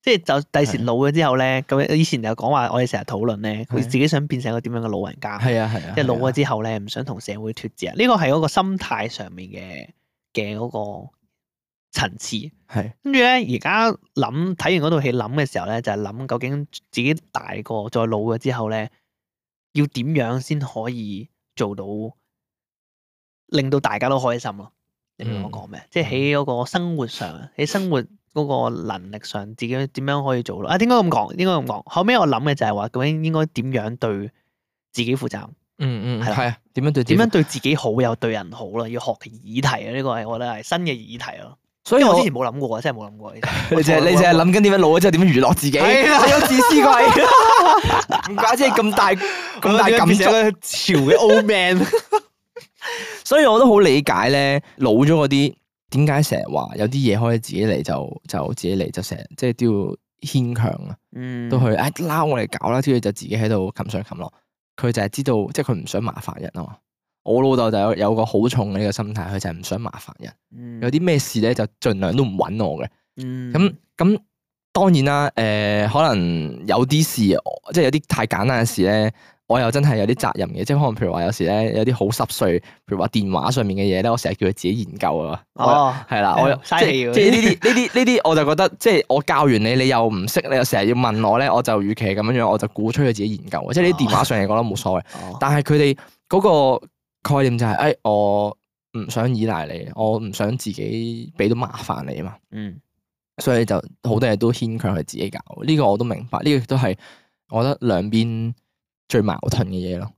即係就第時老咗之後咧，咁樣以前就講話我哋成日討論咧，佢自己想變成一個點樣嘅老人家？係啊係啊，即係老咗之後咧，唔想同社會脫節啊！呢個係嗰個心態上面嘅嘅嗰個層次。係跟住咧，而家諗睇完嗰套戲諗嘅時候咧，就係、是、諗究竟自己大個再老咗之後咧，要點樣先可以做到令到大家都開心咯？你明唔明我講咩，即係喺嗰個生活上，喺生活嗰個能力上，自己點樣可以做咯？啊，點解咁講？點解咁講？後尾我諗嘅就係話，究竟應該點樣對自己負責？嗯嗯，係、嗯、啊，點樣對點樣對自己好又對人好咯？要學議題啊，呢、這個係我覺得係新嘅議題咯。所以我，我之前冇諗過，真係冇諗過。過你淨係你淨係諗緊點樣老之後點樣娛樂自己？是的 [laughs] 你有自私鬼？唔 [laughs] 怪之係咁大咁 [laughs] 大感潮嘅 old man。 [laughs] [laughs] [laughs] 所以我都好理解咧，老咗嗰啲點解成日話有啲嘢可以自己嚟就就自己嚟，就成日即係都要牽強啊！嗯，都去哎撈我哋搞啦，啲嘢就自己喺度冚上冚落。佢就係知道，即係佢唔想麻煩人啊。嘛。我老豆就有有個好重嘅呢個心態，佢就係唔想麻煩人。嗯、有啲咩事咧，就盡量都唔揾我嘅。咁咁、嗯、當然啦，誒、呃，可能有啲事，即係有啲太簡單嘅事咧。我又真係有啲責任嘅，即係可能譬如話有時咧，有啲好濕碎，譬如話電話上面嘅嘢咧，我成日叫佢自己研究啊。哦，係啦，我嘥氣。害即係呢啲呢啲呢啲，我就覺得即係我教完你，你又唔識，你又成日要問我咧，我就與其咁樣樣，我就鼓吹佢自己研究。即係呢啲電話上嚟講我諗冇所謂。哦、但係佢哋嗰個概念就係、是，誒、哎，我唔想依賴你，我唔想自己俾到麻煩你啊嘛。嗯。所以就好多嘢都牽強佢自己搞，呢、這個我都明白，呢、這個都係我覺得兩邊。最矛盾嘅嘢咯，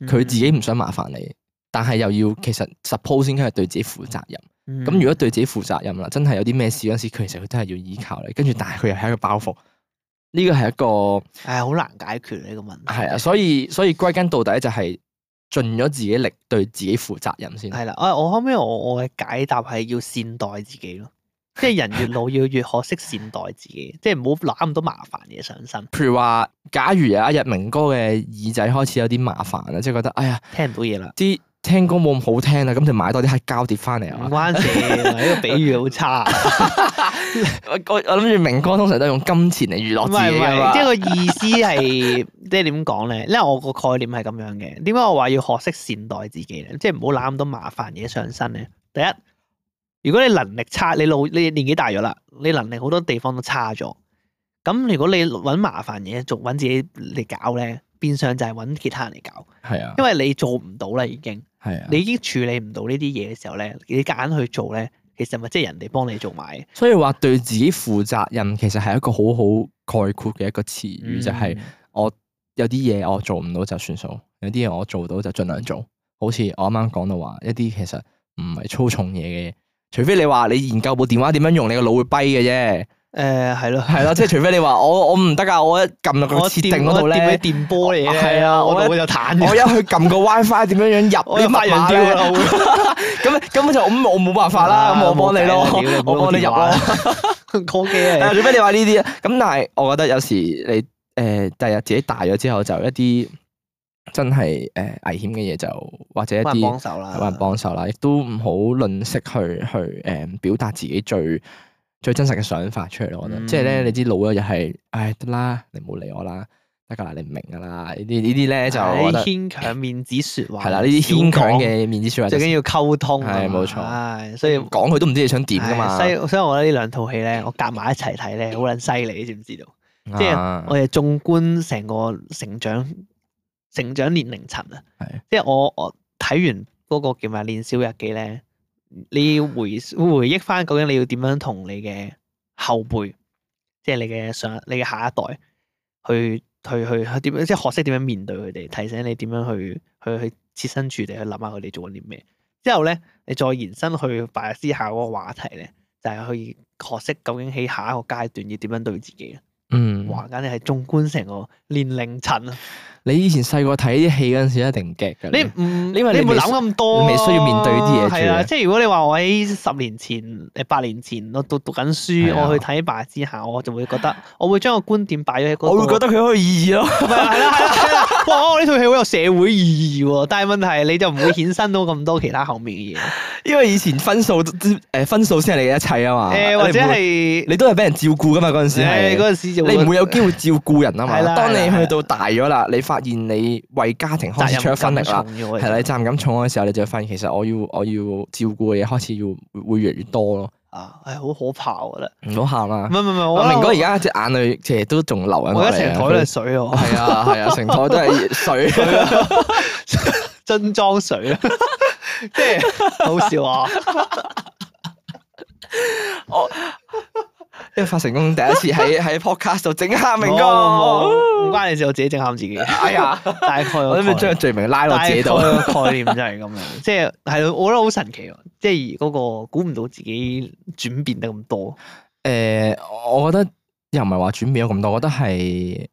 佢自己唔想麻煩你，但係又要其實 suppose 先佢係對自己負責任，咁、 [noise] 嗯、如果對自己負責任啦，真係有啲咩事嗰時，佢其實佢真係要依靠你，跟住，但係佢又係一個包袱，呢個係一個係好、哎、難解決呢個問題，係啊，所以所以歸根到底就係盡咗自己力對自己負責任先，係啦，我後尾我我嘅解答係要善待自己咯。即係人越老要越，越學識善待自己，即係唔好攬咁多麻煩嘢上身。譬如話，假如有一日明哥嘅耳仔開始有啲麻煩啦，即係覺得哎呀，聽唔到嘢啦，啲聽歌冇咁好聽啦，咁就買多啲黑膠碟翻嚟。唔關事，呢、這個比喻好差。我我諗住明哥通常都係用金錢嚟娛樂自己唔係，唔係，即係個意思係，即係點講咧？因為我個概念係咁樣嘅。點解我話要學識善待自己咧？即係唔好攬咁多麻煩嘢上身咧。第一。如果你能力差，你老你年紀大咗啦，你能力好多地方都差咗。咁如果你搵麻煩嘢做，搵自己嚟搞咧，變相就係搵其他人嚟搞。係是啊，因為你做唔到啦，已經係是啊，你已經處理唔到呢啲嘢嘅時候咧，你夾硬去做咧，其實咪即係人哋幫你做埋。所以話對自己負責任，其實係一個好好概括嘅一個詞語，嗯、就係我有啲嘢我做唔到就算數，有啲嘢我做到就盡量做。好似我啱啱講到話，一啲其實唔係粗重嘢嘅。除非你話你研究部電話點樣用，你個腦會跛嘅啫。誒，係咯，係咯，即係除非你話我我唔得㗎！我一撳落個設定嗰度，呢啲電波嚟嘅。係啊，我腦就癱。我一去撳個 WiFi 點樣樣入啲花樣咧？咁咁就咁，我冇辦法啦。咁我幫你咯，我幫你入啦。call 機啊！除非你話呢啲啊，咁但係我覺得有時你誒第日自己大咗之後就一啲。真係誒危險嘅嘢就或者一啲有人幫手啦，亦、哎、都唔好吝嗇去去誒表達自己最最真實嘅想法出嚟咯。嗯、我覺得即係咧，你知老咗又係，唉、哎、得啦，你唔好理我啦，得噶啦，你唔明噶啦。呢啲呢啲咧就牽強面子說話係啦，呢啲牽強嘅面子說話最緊要溝通，冇錯。錯，所以講佢都唔知你想點噶嘛。所以我覺得呢兩套戲咧，我夾埋一齊睇咧好撚犀利，你知唔知道？即係我哋縱觀成個成長。成長年齡層啊，的即係我我睇完嗰個叫咩啊《年少日記》咧，你要回回憶翻究竟你要點樣同你嘅後輩，即係你嘅上你嘅下一代去去去點樣，即係學識點樣面對佢哋，提醒你點樣去去去設身處地去諗下佢哋做緊啲咩之後咧，你再延伸去《白日之下》思考嗰個話題咧，就係、是、去學識究竟喺下一個階段要點樣對自己啊，嗯，哇，簡直係縱觀成個年齡層啊！你以前細個睇啲戲嗰陣時，一定激噶。你唔不為你你唔會諗咁多，啊，未需要面對啲嘢係啊，即係如果你話我喺十年前，誒八年前，我讀讀緊書，是啊，我去睇白日之下，我就會覺得，我會將個觀點擺咗喺嗰我會覺得佢有意義咯， [laughs] 啊。 [laughs] 哇、哦！呢套戲好有社會意義喎、啊，但係問題你就唔會衍生到咁多其他後面嘅嘢， [laughs] 因為以前分數之、呃、分數先係你嘅一切啊嘛。誒、呃、或者係你，你都係俾人照顧噶嘛嗰陣時，係嗰陣你唔會有機會照顧人啊嘛。 [laughs] 啦啦啦當你去到大咗啦， [laughs] 你發現你為家庭開始出咗分力啦，係啦，責任感重嗰陣時候，你就發現其實我要我要照顧嘅嘢開始要會越嚟越多咯。啊，係好可怕我覺得。唔好喊啊！唔係唔係，我明哥而家隻眼淚其實都仲流緊。我成台都係水哦。係啊係啊，成台都係水，真裝水啊！即係好笑啊！我。 [laughs] [laughs] [laughs] 因為發成功第一次喺喺 Podcast 度整喊明哥，唔關你事，我自己整喊自己。哎呀，大概我諗咪將罪名拉落自己度，概念真係咁樣， [laughs] 即係係我覺得好神奇，即係嗰個估唔到自己轉變得咁多。誒、呃，我覺得又唔係話轉變咗咁多，我覺得係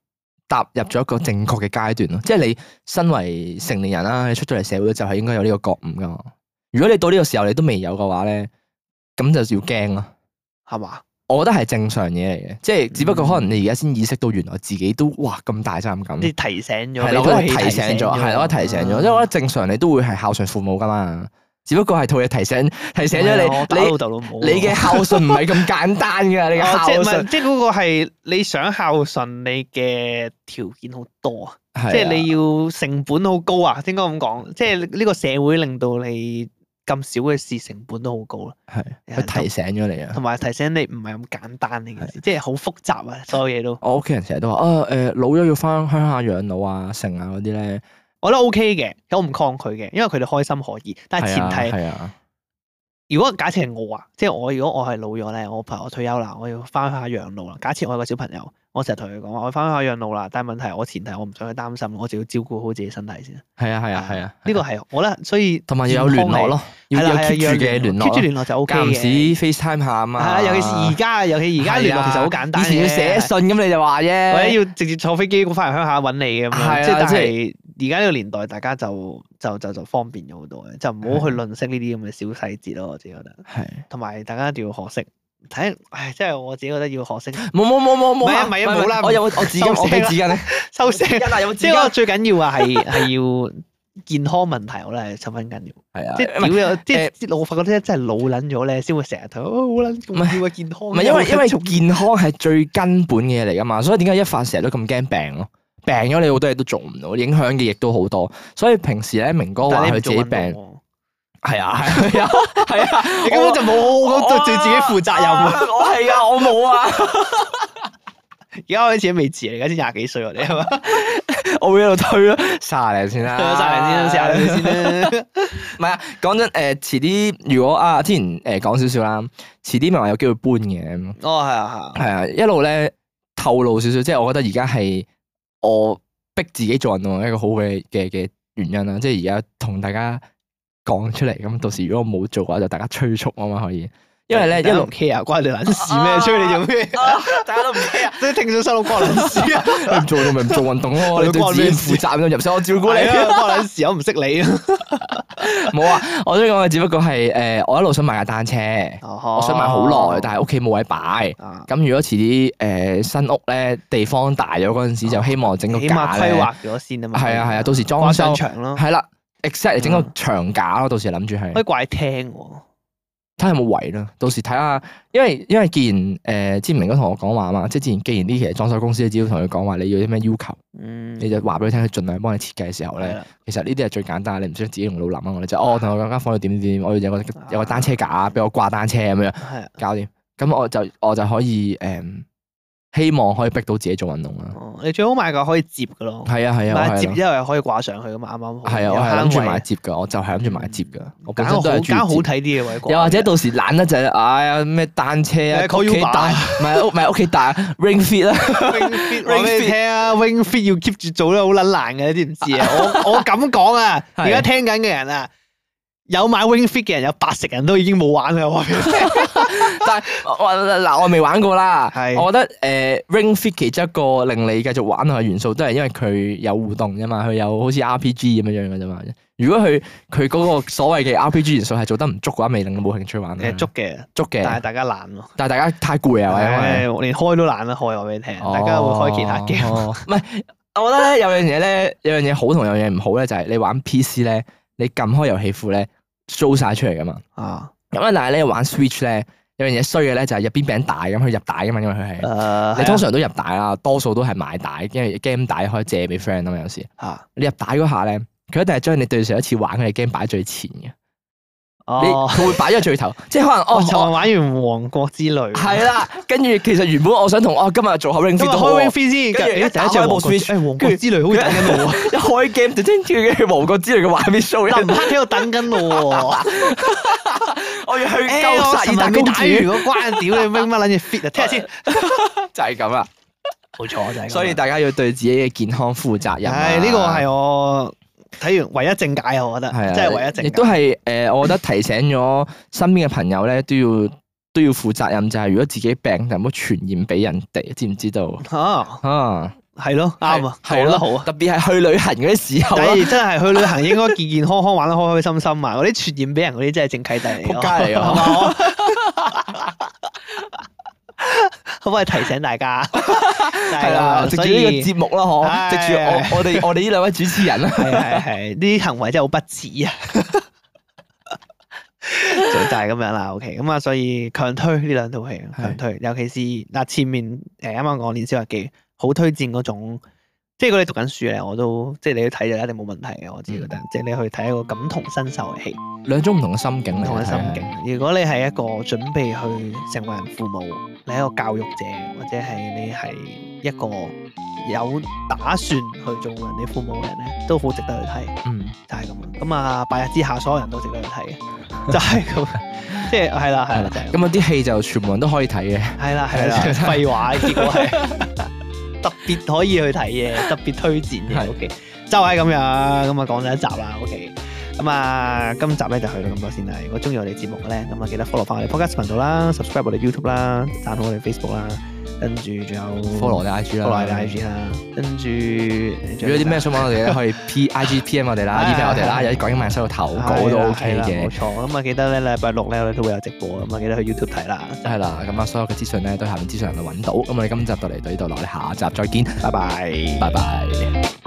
踏入咗一個正確嘅階段咯。即係你身為成年人啦，你出咗嚟社會就係應該有呢個覺悟噶嘛。如果你到呢個時候你都未有嘅話咧，咁就要驚咯，係嘛？我覺得係正常嘢嚟嘅，即係只不過可能你而家先意識到，原來自己都哇咁大責任感。你提醒咗，係咯了提醒咗，係咯提醒咗，醒嗯、因為我覺得正常你都會係孝順父母㗎嘛，只不過係套嘢提醒，提醒咗你、嗯、你老豆老母，你嘅孝順唔係咁簡單㗎， [laughs] 你嘅孝順、 [laughs] 哦、即係嗰個係你想孝順你嘅條件好多，的的即係你要成本好高啊，應該咁講，即係呢個社會令到你。咁少嘅事成本都好高啦，係佢提醒咗你啊，同埋提醒你唔係咁簡單呢件事，的即係好複雜啊，所有嘢都。 [laughs] 我屋企人成日都話啊，誒、呃、老咗要翻鄉下養老啊，城啊嗰啲咧，我覺得 O K 嘅，我唔抗拒嘅，因為佢哋開心可以，但係前提係啊，啊如。如果假設係我啊，即係我如果我係老咗咧，我排我退休啦，我要翻鄉下養老啦。假設我有個小朋友。我成日同佢講話，我翻鄉下養老啦。但係問題，我前提我唔想去擔心，我就要照顧好自己身體先。係啊，係啊，係啊，呢個係我咧，所以同埋要有聯絡咯，要有 keep 住嘅聯絡，keep 住聯絡就 OK 嘅。暫時 FaceTime 下啊嘛。係，尤其是而家，尤其而家聯絡其實好簡單。以前要寫信咁你就話啫，或者要直接坐飛機翻嚟鄉下揾你咁。係啊。即係等於而家呢個年代，大家就就就就方便咗好多嘅，就唔好去吝嗇呢啲咁嘅小細節咯。我自己覺得係。同埋大家一定要學識。睇，唉，真係我自己覺得要學識，冇冇冇冇冇，唔係啊，冇啦。我有我自己我紙巾咧，收聲，紙巾啊，有紙巾。即係最緊要啊，係係要健康問題，我咧係十分緊要。係啊，即係屌又，即係我發覺咧真係老捻咗咧，先會成日提，好捻重要啊健康。唔係因為因為健康係最根本嘅嘢嚟㗎嘛，所以點解一發成日都咁驚病咯？病咗你好多嘢都做唔到，影響嘅亦都好多。所以平時咧，明哥話佢自己病。係 [laughs] [laughs] 啊係 [laughs] 啊係啊！你根本就冇好好咁對自己負責任。我係啊，我冇啊！而家開始未遲？而家先廿幾歲，我哋啊嘛，我會一路推咯，卅零先啦，卅零先，卅零先啦。唔係啊，講真誒，遲啲如果啊，天然誒講少少啦，遲啲咪話有機會搬嘅。哦，係啊，係啊，係啊，一路咧透露少少，即係我覺得而家係我逼自己做運動一個好嘅嘅嘅原因啦，即係而家同大家。講出嚟，咁到時如果我冇做嘅話，就大家催促啊嘛，可以。因為咧一路 care 關你卵事咩？催你做咩？大家都唔 care，即係聽咗新屋關你卵事啊！唔做，我咪唔做運動咯。你對自然負責咁入身，我照顧你啊！關你卵事，我唔識你啊！冇啊！我呢嘅只不過係誒，我一路想買架單車，我想買好耐，但係屋企冇位擺。咁如果遲啲誒新屋咧地方大咗嗰陣時，就希望整個規劃咗先啊嘛。係啊係啊，到時裝修係啦。Except 你整個長架咯，到時諗住係可以掛喺廳，睇下有冇位咯。到時睇下，因為因為既然誒、呃、之前明哥同我講話嘛，即係既然既然呢啲其實裝修公司咧，只要同佢講話你要啲咩要求，嗯、你就話俾佢聽，佢盡量幫你設計嘅時候咧，嗯、其實呢啲係最簡單，你唔需要自己用腦諗啊。我哋就哦，同我講間房要點點我要有個有個單車架，俾我掛單車咁樣，搞掂。咁、嗯、我就我就可以誒。嗯希望可以逼到自己做運動啊！你最好買個可以摺嘅咯，係啊，係啊，買摺之後又可以掛上去嘅嘛，啱啱好係啊，我係諗住買摺嘅，我就係諗住買摺嘅，我揀好睇啲嘅。又或者到時懶得就係，哎呀咩單車啊，屋企大唔係屋唔係屋企大 ring fit 啦，我俾你聽啊，ring fit 要 keep 住做咧，好撚難嘅，你知唔知啊？我我咁講啊，而家聽緊嘅人啊。有買 Ring Fit 嘅人，有八十人都已經冇玩啦。我嗱， [laughs] 我未玩過啦。是我覺得誒、呃、Ring Fit 其中一個令你繼續玩嘅元素，都係因為佢有互動啫嘛。佢有好似 RPG 咁樣樣嘅啫嘛。如果佢佢嗰個所謂嘅 RPG 元素係做得唔足嘅話，未令到冇興趣玩嘅。足嘅，足嘅的。但係大家懶咯，但係大家太攰啊，對者連開都懶啦，開我俾你聽。哦、大家會開其他 game、哦。唔係， [laughs] 我覺得咧有樣嘢咧，有樣嘢好同有樣嘢唔好咧，就係、是、你玩 PC 咧，你撳開遊戲庫咧。show 晒出嚟噶嘛，咁啊！但係你玩 Switch 咧，有樣嘢衰嘅咧，就係入邊餅大咁佢入帶噶嘛，因為佢係、啊、你通常都入帶啦，多數都係買帶，因為 game 帶可以借俾 friend 啊嘛，有時。吓、啊，你入帶嗰下咧，佢一定係將你對上一次玩嘅 game 擺喺最前嘅。你佢會擺咗喺最頭，即係可能哦，又玩完王國之淚，係啦。跟住其實原本我想同哦，今日做開 Ring Fit，跟住一打王國之淚，好似等緊我。一開 game 就聽住王國之淚嘅畫面 show，留喺度等緊我。我要去救薩爾達公主。如果關，屌你乜乜捻嘢 fit 啊？聽下先，就係咁啦，冇錯就係。所以大家要對自己嘅健康負責任。誒，呢個係我。睇完唯一正解啊，我覺得，即係的唯一正。亦都係誒、呃，我覺得提醒咗身邊嘅朋友咧，都要都要負責任，就係如果自己病，就唔好傳染俾人哋，知唔知道？啊係咯，啱啊，講得好啊。特別係去旅行嗰啲時候咧，真係去旅行應該健健康康，玩得開開心心啊！嗰啲 [laughs] 傳染俾人嗰啲真係正契弟嚟，仆街嚟 [laughs] [laughs] 我可，可以提醒大家，係 [laughs] 啦的，直住呢個節目咯，嗬的，直住我 [laughs] 我哋我哋呢兩位主持人啦，係係係，啲行為真係好不恥啊！ [laughs] [laughs] 就就係咁樣啦。 [laughs] OK，咁啊，所以強推呢兩套戲，強推，的尤其是嗱、呃、前面誒，啱啱講《年少日記》，好推薦嗰種。即係如果你讀緊書咧，我都即係你,你,、嗯、你去睇就一定冇問題嘅。我只覺得，即係你去睇一個感同身受嘅戲，兩種唔同嘅心境，唔同嘅心境。是是如果你係一個準備去成為人父母，你係一個教育者，或者係你係一個有打算去做人哋父母嘅人咧，都好值得去睇、嗯。嗯,嗯，就係咁啊。咁啊，白日之下，所有人都值得去睇嘅，就係、是、咁。即係係啦，係啦，就係、是。咁啲、嗯嗯、戲就全部人都可以睇嘅。係啦，係啦，廢話吧，結果係。特別可以去睇嘅， [laughs] 特別推薦嘅。OK，就係咁樣，咁啊講咗一集啦。OK，咁啊，今集咧就去到咁多先啦。如果鍾意我哋節目嘅咧，咁啊記得 follow 翻我哋 Podcast 頻道啦，subscribe 我哋 YouTube 啦，讚好我哋 Facebook 啦。跟住就，follow 我哋 I G 啦，follow 我哋 I G 啦，跟住仲有啲咩訊息我哋咧可以 P I G P M 我哋啦，email 我哋啦，有啲講英文收到投稿都 O K 嘅，冇錯。咁啊記得咧禮拜六咧我哋都會有直播，咁啊記得去 YouTube 睇啦，係啦。咁啊所有嘅資訊咧都喺下面資訊欄度搵到，咁我哋今集就嚟到呢度喇，我哋下集再見，拜拜，拜拜。